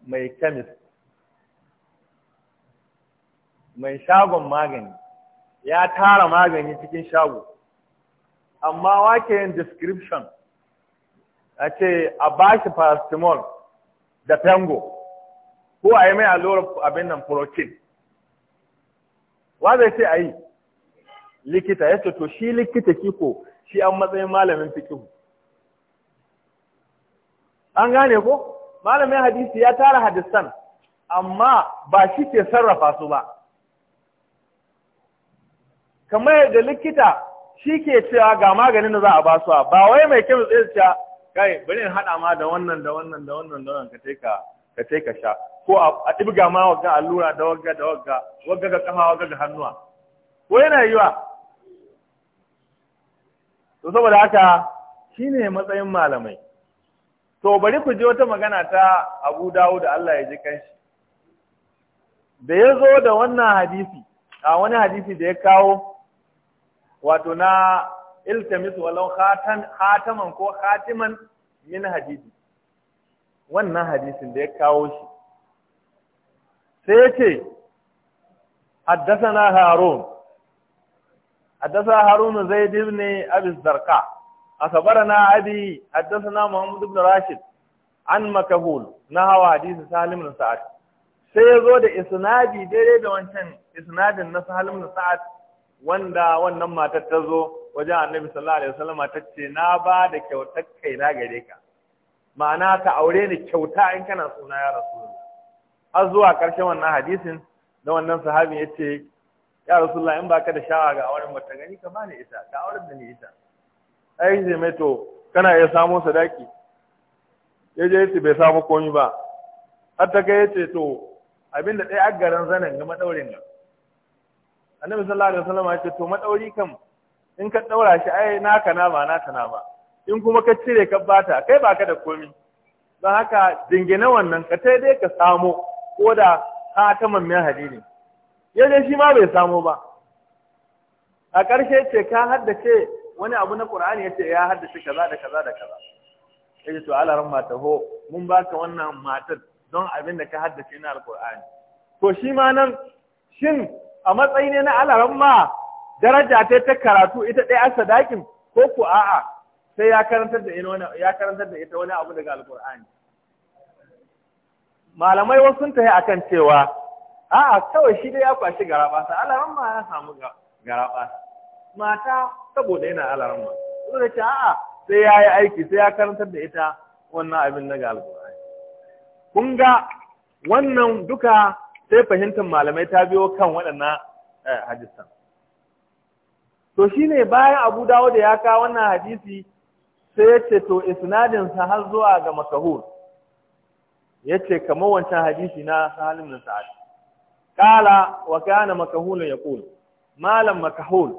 [SPEAKER 1] mai kemis mai shagon magani ya tara magani cikin shago amma wake yin description a ce a bashi paracetamol da pengo ko a yi mai allurar abin nan protein wa zai ce yi? likita ya ce to shi likita kiko shi an matsayin malamin fikihu an gane ko malamin hadisi ya tara hadisan amma ba shi ke sarrafa su ba kamar yadda likita shi ke cewa ga maganin da za a basuwa, ba wai mai kyau tsaye cewa kai bari in haɗa ma da wannan da wannan da wannan da wannan ka ce ka sha ko a ɗibga ma allura da waga da waga waga ga kama waga ga hannuwa ko yana yiwa to saboda haka ne matsayin malamai to bari ku ji wata magana ta Abu dawo da Allah ya ji kanshi da ya zo da wannan hadisi a wani hadisi da ya kawo wato na iltamis walau khataman ko khatiman min hadisi wannan hadisin da ya kawo shi sai Haddasa na harun haddasa harun abis ibn a sabara na abi na Muhammadu ibn rashid an makahul na hawa hadisi salim na sa'ad sai ya zo da isnadi daidai da wancan isnadin na salim na sa'ad wanda wannan matar ta zo wajen annabi sallallahu alaihi wasallam ta ce na ba da kyautar kai na gare ka ma'ana ka aure ni kyauta in kana suna ya rasulullah har zuwa ƙarshen wannan hadisin da wannan sahabi ya ce ya rasulullah in baka da shawa ga auren ba ta gani ka bani ita ka auren da ni ita ai ce mai to kana iya samo sadaki ya je yace bai samu komi ba har ta kai yace to abinda ɗaya aggaran zanen ga madaurin nan annabi sallallahu alaihi wasallam ya ce to madauri kam in ka daura shi ai naka na ba naka na ba in kuma ka cire ka bata kai baka da komi don haka dingine wannan ka tai dai ka samo ko da khataman min Ya yaje shi ma bai samu ba a ƙarshe ce ka haddace wani abu na ya ce ya haddace kaza da kaza da kaza to Allah mata ho, mun ka wannan matar don abin da ka haddace na alqur'ani to shi ma nan shin a matsayi ne na Allah ma daraja ta ta karatu ita ɗaya sadakin ko ku a'a sai ya karantar da ita wani abu daga alqur'ani malamai wasu sun tafi akan cewa a'a kawai shi dai ya kwashi sa alaran ma ya samu garaba mata saboda yana alaran ma sai ce a'a sai ya yi aiki sai ya karantar da ita wannan abin na ga kun ga wannan duka sai fahimtar malamai ta biyo kan waɗannan eh, hadisan to shine bayan Abu da ya kawo wannan hadisi sai ya ce to isnadin har zuwa ga makahur yace kamar wancan hadisi na Salim bin Sa'ad kala wa kana makahul yaqul malam makahul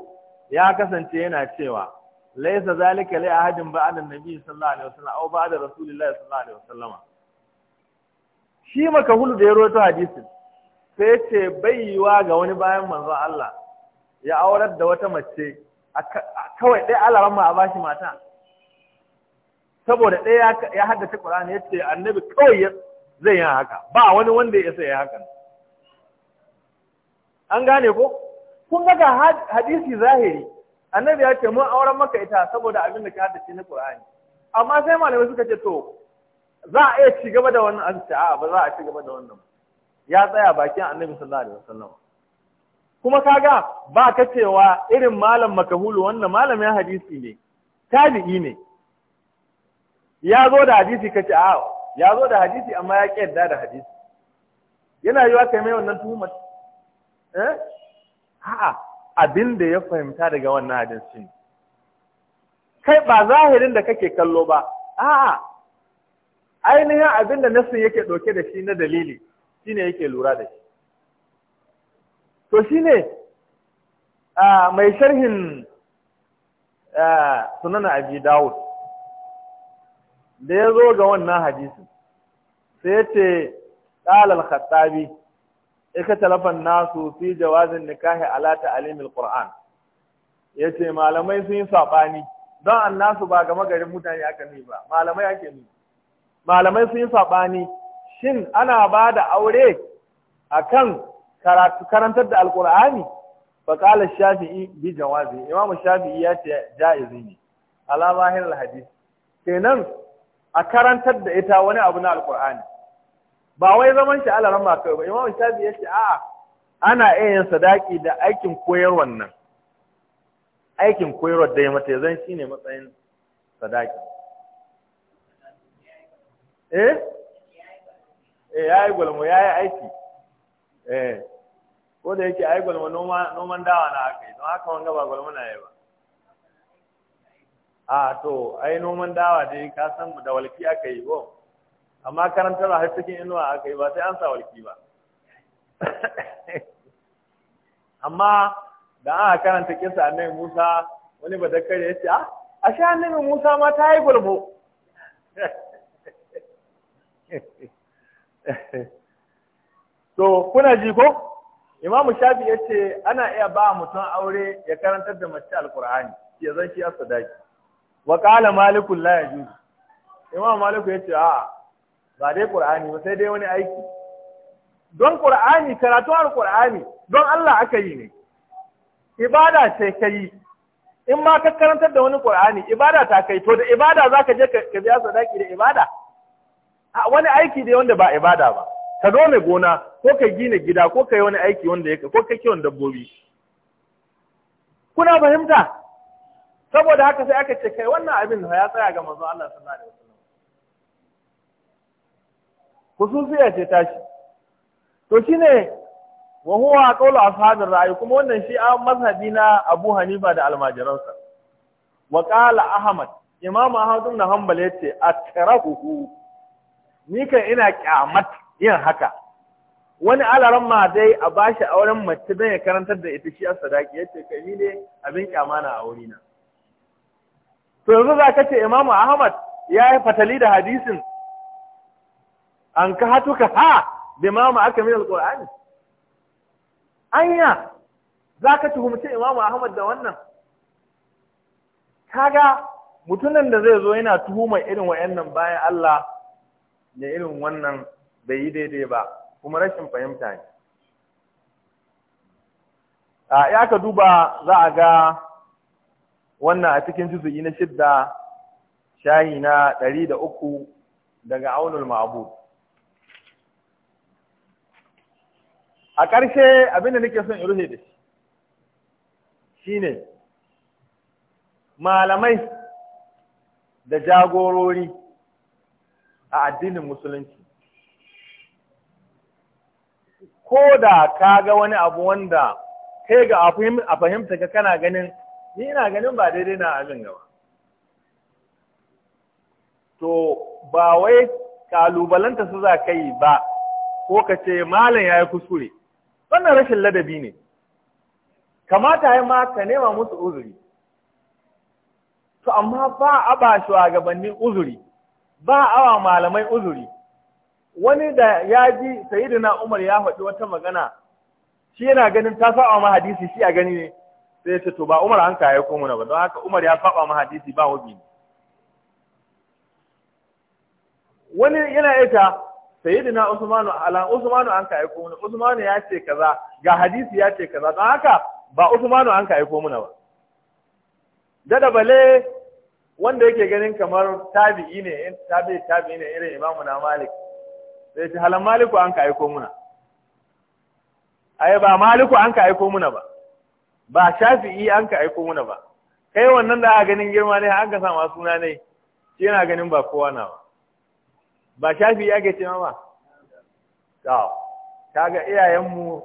[SPEAKER 1] ya kasance yana cewa laysa zalika li ahadin ba'da nabi sallallahu alaihi wasallam aw ba'da rasulillahi sallallahu alaihi wasallam shi makahul da ya rawaito hadisin sai ce baiwa ga wani bayan manzon Allah ya aurar da wata mace kawai dai alaran ma a bashi mata saboda dai ya haddace Qur'ani yace annabi kawai zai yi haka ba wani wanda ya sai ya haka an gane ko kun ga hadisi zahiri annabi ya ce mun auren maka ita saboda abin da ka haddace na Qur'ani amma sai malamai suka ce to za a iya ci gaba da wannan azci a ba za a ci gaba da wannan ya tsaya bakin annabi sallallahu alaihi wasallam kuma kaga ba ka cewa irin malam makahulu wannan malamin hadisi ne tabi'i ne ya zo da hadisi ka ya zo da hadisi amma ya ƙi yadda da hadisi yana yiwa kai mai wannan tuhumar eh a'a abin da ya fahimta daga wannan hadisi kai ba zahirin da kake kallo ba a'a ainihin abin da nasu yake ɗauke da shi na dalili shine yake lura da shi to shine mai sharhin sunan abi dawud da ya zo ga wannan hadisin sai ya ce ɗalal khattabi ika talafan nasu fi jawazin nikahi ala ta'alimil Alqur'an. ya ce malamai sun yi saɓani don an nasu ba ga magarin mutane aka ni ba malamai ake ni malamai sun yi saɓani shin ana ba da aure akan karantar da Ba faƙala shafi'i bi jawazi imamu shafi'i ya ce ja'izi ne ala zahir hadisi kenan a karantar da ita wani abu na alkur'ani ba wai zaman shi ala ba kai ba imamu shafi ya ce a'a ana iya yin sadaki da aikin koyarwar nan aikin koyarwar da ya mata zan shine matsayin sadaki eh eh yayi gwalmo yayi aiki eh ko da yake ayi gwalmo noman dawa na aka yi don haka wanga ba mu na yayi ba a to ai noman dawa dai ka san da walki aka yi bo amma karantarwa har cikin inuwa aka yi ba sai an sa walki ba amma da aka karanta kisa annabi Musa wani ba da ya ce a ah, ashe annabi Musa ma ta yi gulbo to kuna ji ko Imam Shafi ya ce ana iya ba mutum aure ya karantar da mace Alkur'ani ya zan shi sadaki wa Malikun malikul la yajuz imam maliku yace a ba dai qur'ani ba sai dai wani aiki don qur'ani karatu alqur'ani don Allah aka yi ne ibada ce kai in ma ka karantar da wani qur'ani ibada ta kai to da ibada zaka je ka biya sadaki da ibada a wani aiki dai wanda ba ibada ba ka zo mai gona ko ka gina gida ko ka yi wani aiki wanda ya ko ka kiwon dabbobi kuna fahimta saboda haka sai aka ce kai wannan abin ya tsaya ga manzon Allah sallallahu alaihi wasallam ya ce tashi to shine wa huwa qawlu ashabir ra'yi kuma wannan shi a mazhabi na Abu Hanifa da almajiransa wa qala Ahmad Imam Ahmad ibn Hanbal yace akrahuhu ni kan ina kyamat yin haka wani alaran ma dai a bashi auren mace don ya karantar da ita shi a sadaki yace kai ni ne abin kyamana a wurina to yanzu za ka ce imamu ahmad ya yi fatali da hadisin an ka hatuka ha bi ma aka min alqur'ani anya zaka tuhumci imamu ahmad da wannan kaga mutumin da zai zo yana mai irin wayannan bayan Allah da irin wannan bai yi daidai ba kuma rashin fahimta ne a ya ka duba za a ga wannan a cikin juzu'i na shidda shayi na ɗari da uku daga aunul ma'abu a ƙarshe abinda nake son in rufe da shi shine malamai da jagorori a addinin musulunci ko da ka ga wani abu wanda kai ga a fahimta ka kana ganin ni ina ganin ba daidai na abin gaba to ba wai kalubalanta su za ka yi ba ko ka ce malam ya yi kuskure wannan rashin ladabi ne kamata ya ma ka nema musu uzuri to amma ba a ba shugabannin uzuri ba a wa malamai uzuri wani da ya ji sayidina umar ya faɗi wata magana shi yana ganin ta saba ma hadisi shi a gani ne sai ce to ba Umar an kaya ko muna ba don haka Umar ya faɓa ma hadisi ba wabi wani yana ita sayyidina Usman ala Usman an kaya ko muna Usman ya ce kaza ga hadisi ya ce kaza don haka ba Usman an kaya ko muna ba dada bale wanda yake ganin kamar tabi'i ne tabi'i tabi'i ne irin imamu na Malik sai ce halan Maliku an kaya ko muna ai ba Maliku an kaya ko muna ba ba shafi'i an ka aiko muna ba kai wannan da aka ganin girma ne an ka ma suna ne shi yana ganin ba kowa na ba ba shafi'i ake ce mama Ta kaga iyayenmu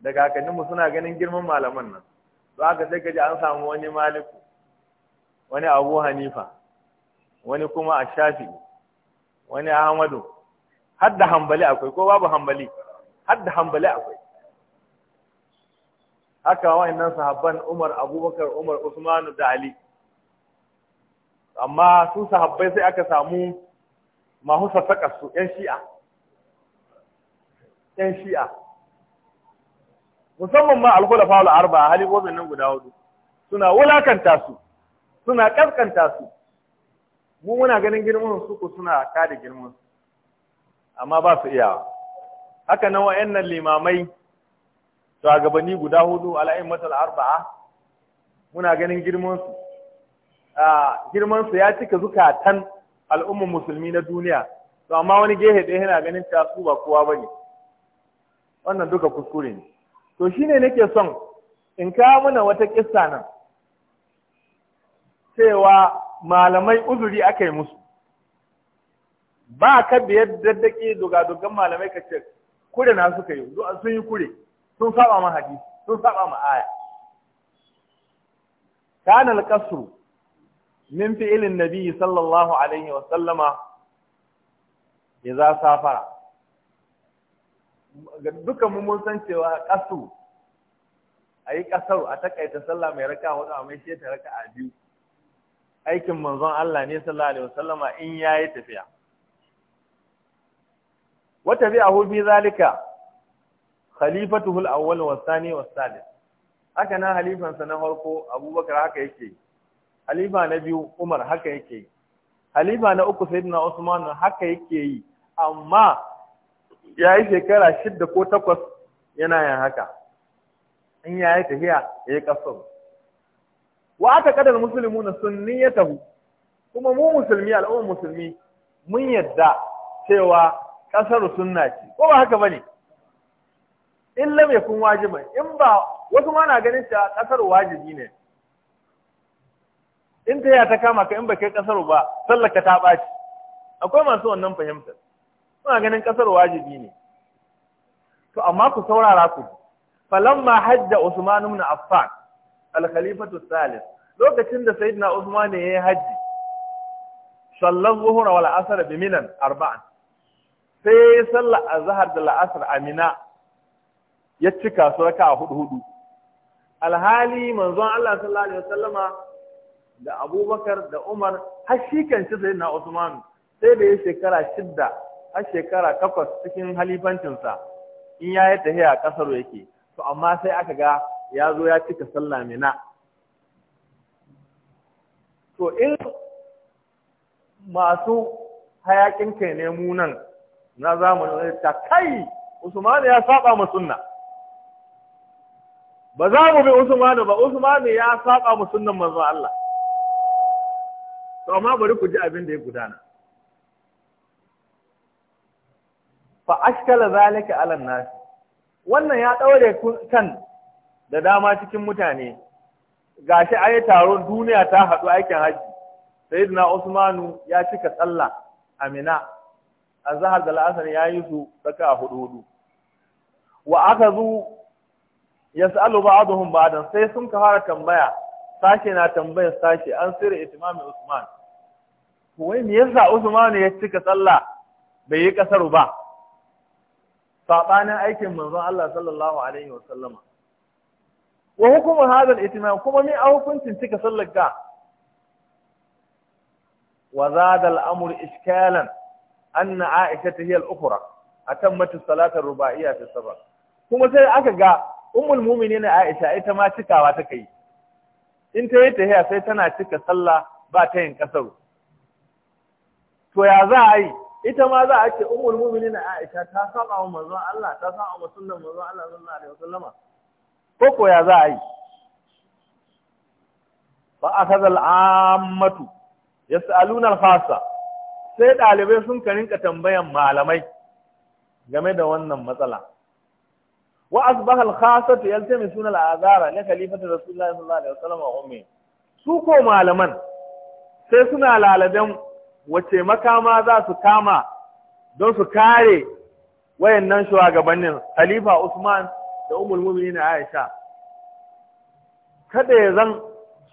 [SPEAKER 1] da kakanninmu suna ganin girman malaman nan to aka sai ji an samu wani maliku wani abu hanifa wani kuma a shafi wani ahmadu Hadda hambali akwai ko babu hambali Hadda hambali akwai haka wa'annan sahabban Umar Abubakar Umar Usman da Ali amma su sahabbai sai aka samu mahu sassaƙa su ƴan shi'a ƴan shi'a musamman ma alkhulafa al arba gobe nan guda hudu suna wulakanta su suna kaskanta su mu muna ganin girman su ko suna kada girman su amma ba su iyawa haka nan wa'annan limamai to a gabani guda hudu al'aimatul arba'a muna ganin girman su girman ya cika zukatan al'ummar musulmi na duniya to amma wani gehe ɗaya yana ganin ta su ba kowa ba ne. wannan duka kuskure ne to shine nake son in kawo mana wata kissa nan cewa malamai uzuri aka yi musu ba ka biyar yadda daddake dogadogan malamai ka ce kure na suka yi sun yi kure sun saba ma hadisi sun saba ma aya kana al-qasr min an nabi sallallahu alaihi wa sallama idza safara duka mu mun san cewa qasr ayi qasr a takaita sallah mai raka wa da mai sheta raka a biyu aikin manzon Allah ne sallallahu alaihi wa sallama in yayi tafiya wa tabi'ahu bi zalika khalifatuhul awwal wa wasalis haka nan halifansa na harko abubakar haka yake halifa na biyu umar haka yake halifa na uku sayyidina usman haka yake yi amma ya yi shekara shidda ko takwas yana yin haka in ya yi tafiya ya yi kasar wa aka kadar musulmi na sunni ya tahu kuma mu musulmi al'ummar musulmi mun yadda cewa kasar sunna ce ko ba haka bane in lam yakun wajiban in ba wasu ma na ganin cewa kasar wajibi ne in ta ta kama ka in ba kai kasar ba sallaka ta baci akwai masu wannan fahimtar suna ganin kasar wajibi ne to amma ku saurara ku falamma hajja Usman ibn Affan al-khalifatu salis lokacin da sayyidina Usman ya yi haji sallan zuhura wal asr bi minan arba'an sai sallar azhar da al-asr amina ya cika su raka hudu hudu alhali manzon Allah sallallahu alaihi wasallama da Abubakar da Umar har shi kan ci sai na Usman sai da ya shekara shidda har shekara takwas cikin halifancinsa in ya yi tahiya kasar yake to amma sai aka ga ya zo ya cika sallah mina to in masu hayakin kai ne mu nan na zamanin ta kai Usman ya saba masunna. ba za mu bi Usmanu ba Usmanu ya saba mu sunnan manzo Allah to amma bari ku ji abin da ya gudana fa ashkala zalika ala nas wannan ya daure kan da dama cikin mutane gashi ayi taron duniya ta hadu aikin haji sayyidina Usmanu ya cika sallah amina azhar da la'asar ya yi su tsaka hudu hudu wa aka yas'alu ba'dhum ba'dan sai sun ka fara tambaya Sashi na tambayar sashi, an sirri itimami Usman wai me yasa Usman ya cika sallah bai yi kasar ba sabanin aikin manzon Allah sallallahu alaihi wa sallama wa hukumu hadal itimam kuma me a hukuncin cika sallar ga wa zada al-amr iskalan anna Aisha hiya al-ukhra atammat as-salata ar-ruba'iyya fi kuma sai aka ga ummul mu'minin Aisha ita ma cikawa take yi in ta yi ta hiya sai tana cika sallah ba ta yin kasaru to ya za a yi ita ma za a ce ummul mu'minin Aisha ta saba wa manzon Allah ta saba wa sunnan manzon Allah sallallahu alaihi wasallama ko ko ya za a yi fa akhadha al-ammatu yas'aluna al-khassa sai dalibai sun karinka tambayan malamai game da wannan matsala wa asbaha al-khasatu yaltamisuna al-azara la khalifatu rasulillahi sallallahu alaihi wasallam wa ummi su ko malaman sai suna laladan wace makama za su kama don su kare wayannan shugabannin khalifa Usman da ummul mu'minin Aisha kada ya zan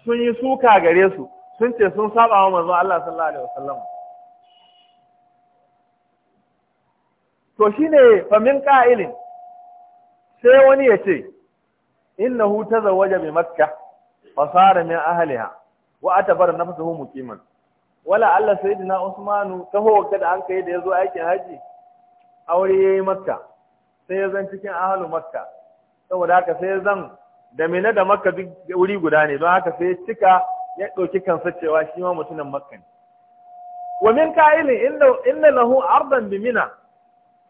[SPEAKER 1] sun yi suka gare su sun ce sun saba wa manzon Allah sallallahu alaihi wasallam to shine famin qa'ilin sai wani ya ce ta zawaja bi makka fa sara min ahliha wa atabar nafsuhu muqiman wala Allah sayyidina Usmanu ho kada an kai da yazo aikin haji aure yayi makka sai ya zan cikin ahlu makka saboda haka sai zan da mina da makka duk wuri guda ne don haka sai cika ya ɗauki kansa cewa shi ma mutumin makka ne wa min qa'ilin inna inna lahu ardan bi mina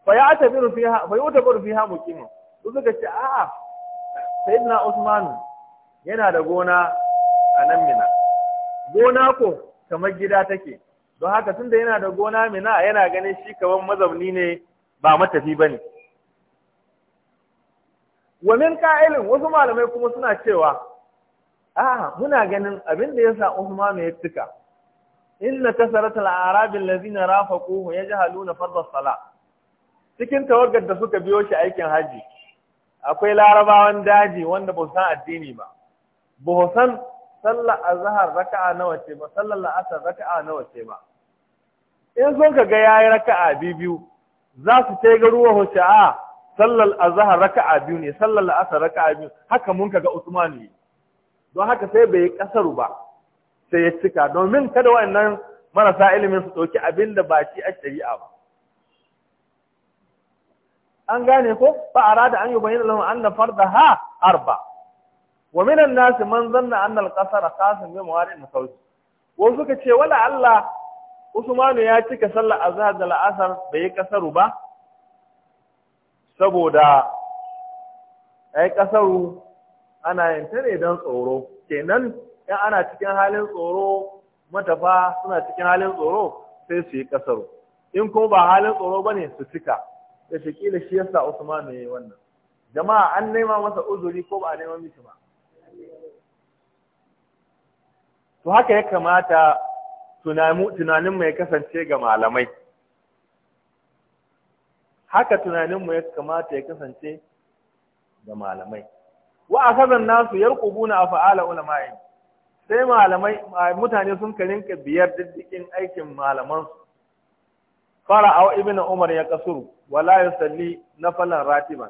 [SPEAKER 1] fa ya'tabiru fiha fa yu'tabaru fiha muqiman su suka ce a'a sayyidina usman yana da gona a nan mina gona ko kamar gida take don haka tun da yana da gona mina yana ganin shi kamar mazauni ne ba matafi ba ne. Wannan ka'ilin wasu malamai kuma suna cewa a'a muna ganin abin da yasa Usman ya tuka inna kasarat al-arab ya ji yajhaluna na as-salah cikin tawagar da suka biyo shi aikin hajji. akwai larabawan daji wanda ba san addini ba ba san sallar azhar raka'a nawa ce ba sallar la'asar raka'a nawa ce ba in sun ka ga yayi raka'a biyu za su ce ga ruwa hoce sha'a sallar azhar raka'a biyu ne sallar la'asar raka'a biyu haka mun ka ga Usmani don haka sai bai kasaru ba sai ya cika domin kada wayannan marasa ilimin su ɗauki abinda ba shi a shari'a ba an gane ko Ba a rada an yi an lahum anna ha arba wa min an-nas man zanna anna al a qasim bi mawarid al-sawt Wasu suka ce wala Allah Usmanu ya cika sallar azhar da la'asar bai kasaru ba saboda ya yi kasaru ana yin ta don tsoro kenan in ana cikin halin tsoro matafa suna cikin halin tsoro sai su yi kasaru in kuma ba halin tsoro ba ne su cika da shakila shi yasa Usman ne wannan jama'a an nema masa uzuri ko ba a nema mishi ba to haka ya kamata tunanin mu ya kasance ga malamai haka tunanin mu ya kamata ya kasance ga malamai wa akazan nasu yarqubuna afa'ala ulama'i sai malamai mutane sun karinka biyar diddikin aikin malamansu fara'au ibn umar ya kasuru wala yusalli nafalan ratiban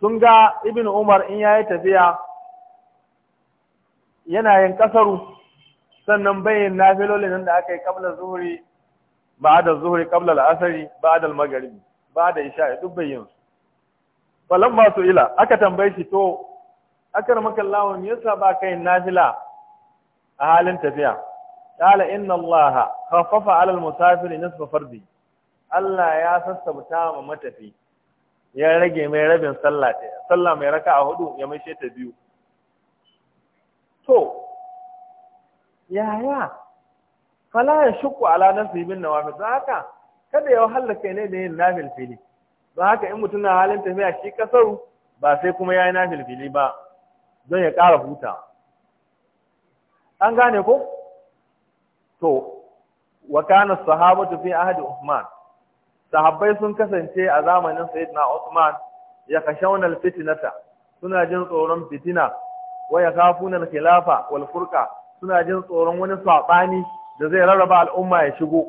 [SPEAKER 1] sun ga Ibin umar in yayi tafiya yana yin kasaru sannan bayin nafilolin da aka yi kabla zuhuri ba da zuhuri kabla al'asari ba da magaribi ba da isha duk bayin falan ba su ila aka tambaye shi to akar maka lawon yasa ba kai nafila a halin tafiya qala inna allaha khaffafa 'ala al-musafiri nisfa fardi Allah ya sassabta ma matafi ya rage mai rabin sallah sallah mai raka'a hudu ya maishe ta biyu to yaya fala ya shuku ala nafsi bin nawafil don haka kada ya wahala kai ne da yin nafil fili don haka in mutum na halin tafiya shi kasar, ba sai kuma ya yi nafil fili ba don ya ƙara huta an gane ko to Wakana kana sahabatu fi ahdi Usman, sahabbai sun kasance a zamanin sayyidina Usman ya kashawna alfitnata suna jin tsoron fitina wa yakafuna alkhilafa wal furqa suna jin tsoron wani saɓani da zai rarraba al'umma ya shigo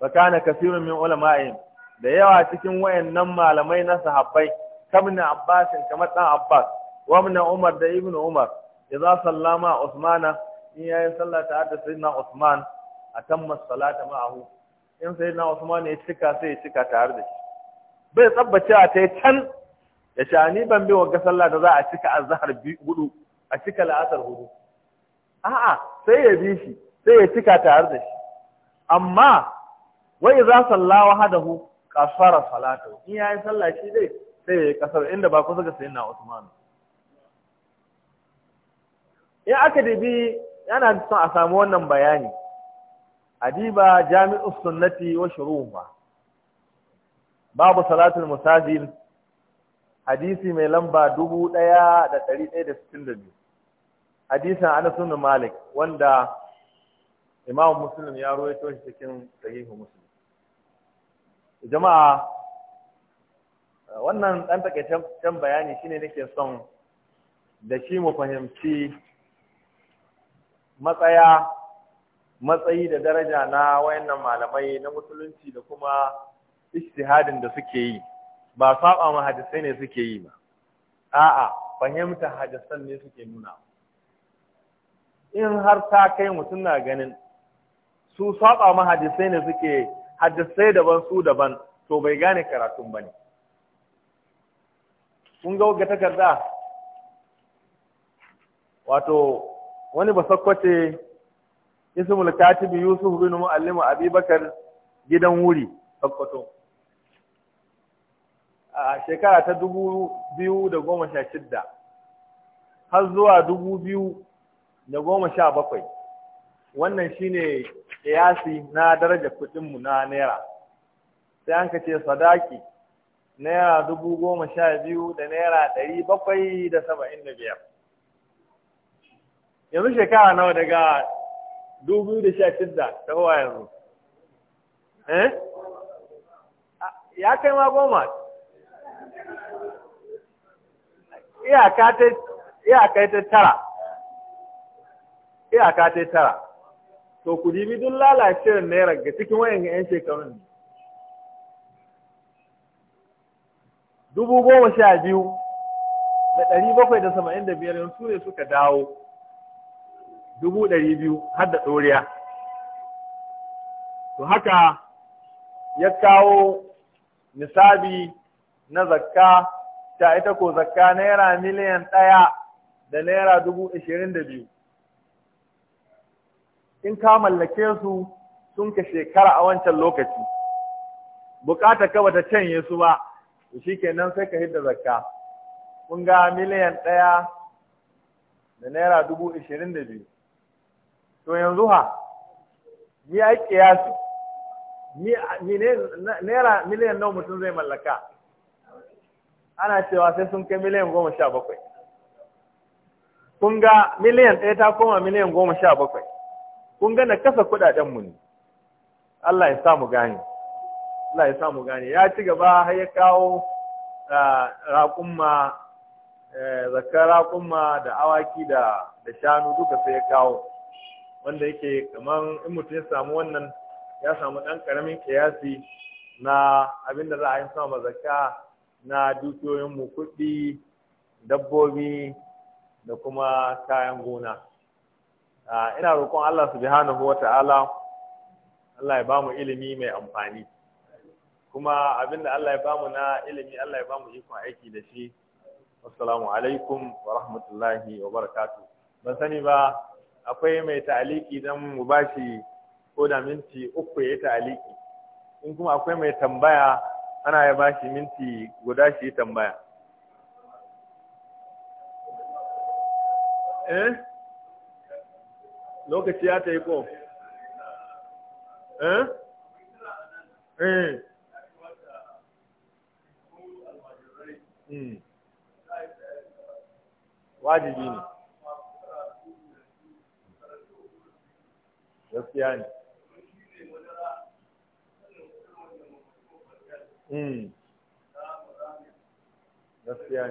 [SPEAKER 1] wa kana kasirun min ulama'in da yawa cikin wayannan malamai na sahabbai kamar Abbas kamar dan Abbas wa Umar da Ibnu Umar idza sallama Uthmana in yayi sallah ta da sayyidina Usman atamma salata ma'ahu in sayyidina Usman ya cika sai ya cika tare da shi bai tsabbace a tai can ya sha ni ban bi wagga sallah da za a cika azhar bi hudu a cika la'asar hudu a'a sai ya bi shi sai ya cika tare da shi amma wa idza salla wahdahu kasara salatu in yayi sallah shi dai sai ya kasar inda ba kusa ga sayyidina Usman in aka dibi yana son a samu wannan bayani adiba jami'u sunnati wa shuruha babu salatul musafir hadisi mai lamba 1162 hadisin Anas bin Malik wanda Imam Muslim ya rawaito shi cikin sahihu Muslim jama'a wannan dan takaitaccen bayani shine nake son da shi mu fahimci matsaya matsayi da daraja na wayannan malamai na musulunci da kuma ijtihadin da suke yi ba saba ma hadisai ne suke yi ba a'a fahimta hadisan ne suke nuna in har ta kai mutum na ganin su saba ma hadisai ne suke hadisai daban su daban to bai gane karatun bane kun ga takarda wato wani ba sakkwace ismul katibi yusuf bin muallim abubakar gidan wuri sakkwato a shekara ta dubu biyu da har zuwa dubu goma sha bakwai wannan shine kiyasi na daraja mu na naira sai an kace sadaki naira dubu goma sha biyu da naira ɗari bakwai da saba'in da biyar yanzu shekara nawa daga 2016 ta hawa yanzu eh? ya kai ma goma iyaka ta tara iyaka ta tara to ku dibi duk lalacewar naira ga cikin wayan ga 'yan shekarun dubu goma sha biyu da ɗari bakwai da saba'in da biyar yanzu ne suka dawo dubu ɗari biyu har da ɗoriya to haka ya kawo nisabi na zakka ta ita ko zakka naira miliyan ɗaya da naira dubu ashirin da biyu in ka mallake su sun ka shekara a wancan lokaci bukata ka bata canye su ba shi kenan sai ka hidda zakka kun ga miliyan ɗaya da naira dubu ashirin da biyu to yanzu ha ni a kiyasu ni ne naira miliyan nawa mutum zai mallaka ana cewa sai sun kai miliyan goma sha bakwai kun ga miliyan ɗaya ta koma miliyan goma sha bakwai kun ga na kasa mu ne Allah ya mu gane Allah ya mu gane ya ci gaba har ya kawo raƙumma eh, zakar raƙumma da awaki da shanu duka sai ya kawo wanda yake kaman in mutum ya samu wannan ya samu ɗan ƙaramin kiyasi na abin da za a yi sama zakka na dukiyoyinmu kuɗi dabbobi da kuma kayan gona ina roƙon Allah subhanahu wa ta'ala Allah ya bamu ilimi mai amfani kuma abinda Allah ya bamu na ilimi Allah ya bamu ikon aiki da shi assalamu alaikum wa rahmatullahi wa barakatuh ban sani ba akwai mai ta'aliki don mu ba shi ko da minti uku ya yi ta'aliki in kuma akwai mai tambaya ana ya ba shi minti guda shi tambaya eh lokaci ya ta yi ko eh eh hmm. wajibi ne gaskiya ne hmm. gaskiya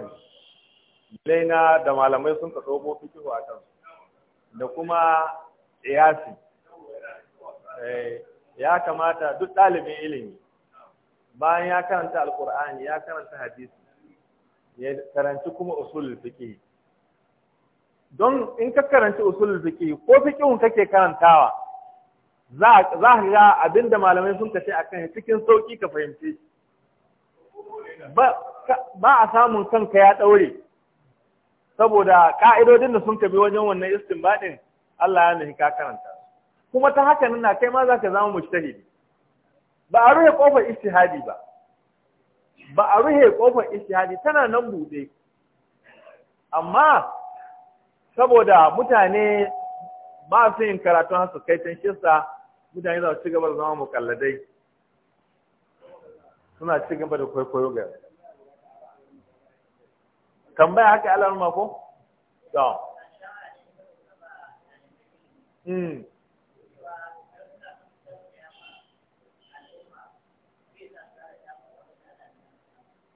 [SPEAKER 1] ne na da malamai sun kaso ko kihu a kan da kuma tsiyasi eh, ya kamata duk ɗalibin ilimi bayan ya karanta alkur'ani ya karanta hadisi ya karanci kuma usulul fiqh don in ka karanci usulul fiqh ko fiqhun kake karantawa za ka ga abinda malamai sun kace akan cikin sauki ka fahimci ba a samun kanka ya daure saboda ka'idodin da sun kabi wajen wannan istinbadin Allah ya nahi ka karanta kuma ta haka nan kai ma za ka zama mujtahidi ba a ruhe kofar istihadi ba ba a ruhe kofar istihadi tana nan buɗe amma saboda mutane ba su yin karatun su kai tan mutane za su ci gaba da zama mukalladai suna ci gaba da kwaikwayo ga tambaya haka alarma ko? da mm.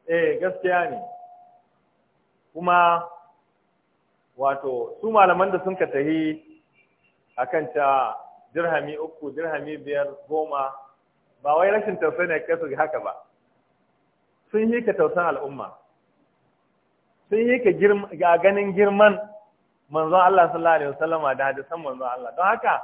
[SPEAKER 1] eh gaskiya ne kuma wato su malaman da sun ka tahi akan ta dirhami uku dirhami biyar goma ba wai rashin tausa ne kai su haka ba sun yi ka tausan al'umma sun yi ka ga ganin girman manzon Allah sallallahu alaihi wasallam da hadisan manzon Allah don haka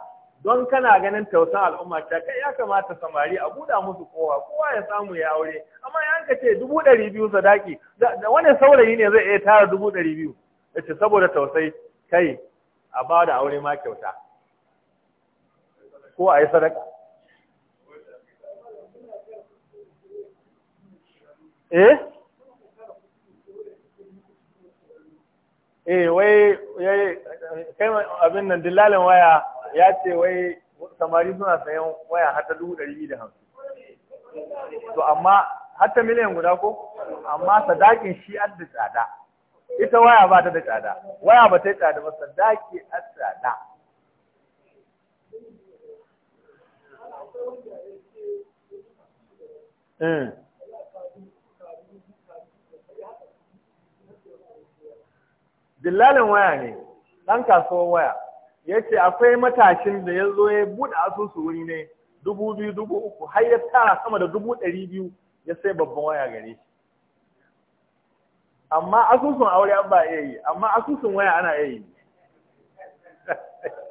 [SPEAKER 1] don kana ganin tausan al'umma ta kai ya kamata samari a buɗa musu kowa kowa ya samu ya aure amma ya ka ce dubu ɗari biyu sadaki da wani saurayi ne zai iya tara dubu ɗari biyu saboda tausayi kai a ba da aure ma kyauta ko a yi sadaka eh eh wai kai abin nan dillalin waya ya ce wai samari suna sayan waya hata dubu ɗari da hamsin to amma hata miliyan guda ko amma sadakin shi an da tsada
[SPEAKER 2] ita waya ba ta da tsada waya ba ta
[SPEAKER 1] yi tsada ba sadaki an tsada dillalin waya ne ɗan kasuwar waya ya ce akwai matashin da ya zo ya buɗe asusu wuri ne dubu biyu dubu uku har ya tara sama da dubu ɗari biyu ya sai babban waya gare shi amma asusun aure an ba iya yi amma asusun waya ana iya yi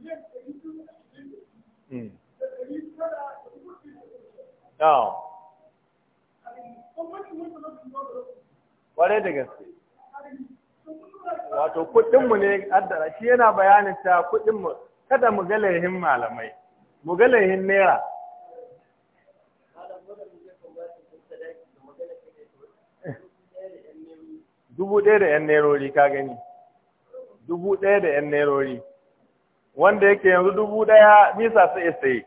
[SPEAKER 2] Ƙwarai
[SPEAKER 1] hmm. da gaske. Wato kuɗinmu ne addara, shi yana bayanin ta kuɗinmu, kada mu ga malamai, mu ga nera. naira. Dubu ɗaya da ‘yan nerori ka gani, dubu ɗaya da ‘yan nerori. wanda yake yanzu dubu ɗaya nisa sai ya saye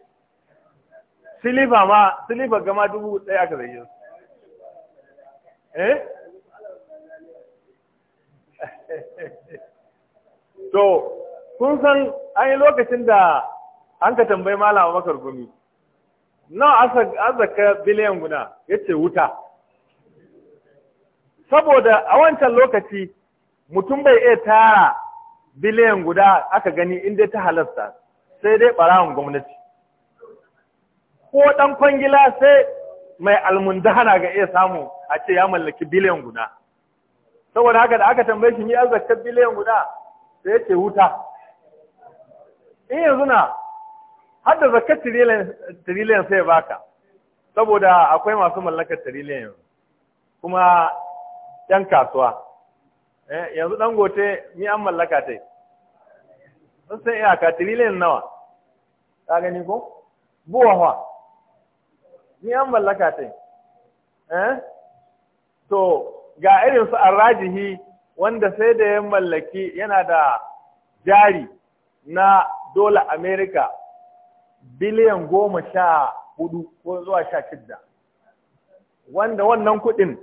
[SPEAKER 1] silifa ma silifa gama dubu ɗaya aka zai yi eh to kun san an yi lokacin da an ka tambayi malama makar gumi na azaka biliyan guda ya ce wuta saboda a wancan lokaci mutum bai iya tara biliyan guda aka gani inda ta halasta sai dai barawan gwamnati ko ɗan kwangila sai mai almundana ga iya samu a ce ya mallaki biliyan guda saboda haka da aka tambaye shi ni azzakar biliyan guda sai ce wuta in yanzu na har da zakar tiriliyan sai baka saboda akwai masu mallakar tiriliyan kuma 'yan kasuwa Eh, yanzu dangote ni an mallaka ta sun san iyaka tiriliyan nawa ka gani ko buwawa ni an mallaka ta eh to ga irin su arrajihi wanda sai da ya mallaki yana da jari na dola america biliyan goma sha hudu ko zuwa sha shidda wanda wannan kudin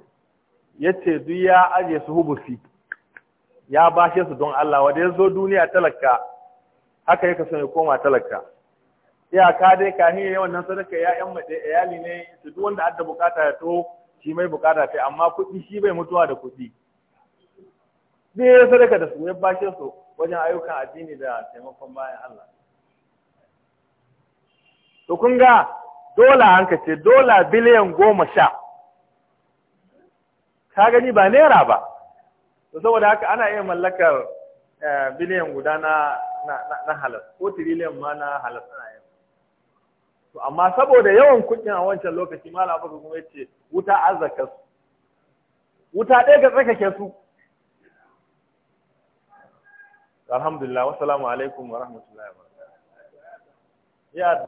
[SPEAKER 1] ya ce duk ya ajiye su hubusi ya bashe su don Allah wanda ya zo duniya talaka haka yake son ya koma talaka ka dai ka yayin wannan sadaka ya yan mace iyali ne su duk wanda adda bukata ya to shi mai bukata ta amma kuɗi shi bai mutuwa da kuɗi ne ya sadaka da su ya bashe su wajen ayyukan addini da taimakon bayan Allah to kun ga dola an ka ce dola biliyan goma sha ka gani ba naira ba to saboda haka ana iya mallakar eh, biliyan guda na na halas ko tiriliyan ma na halas ana iya to amma saboda yawan kudin a wancan lokaci malam abu kuma yace wuta azaka su wuta ɗaya ga tsakake su alhamdulillah wassalamu alaikum wa rahmatullahi wa
[SPEAKER 2] barakatuh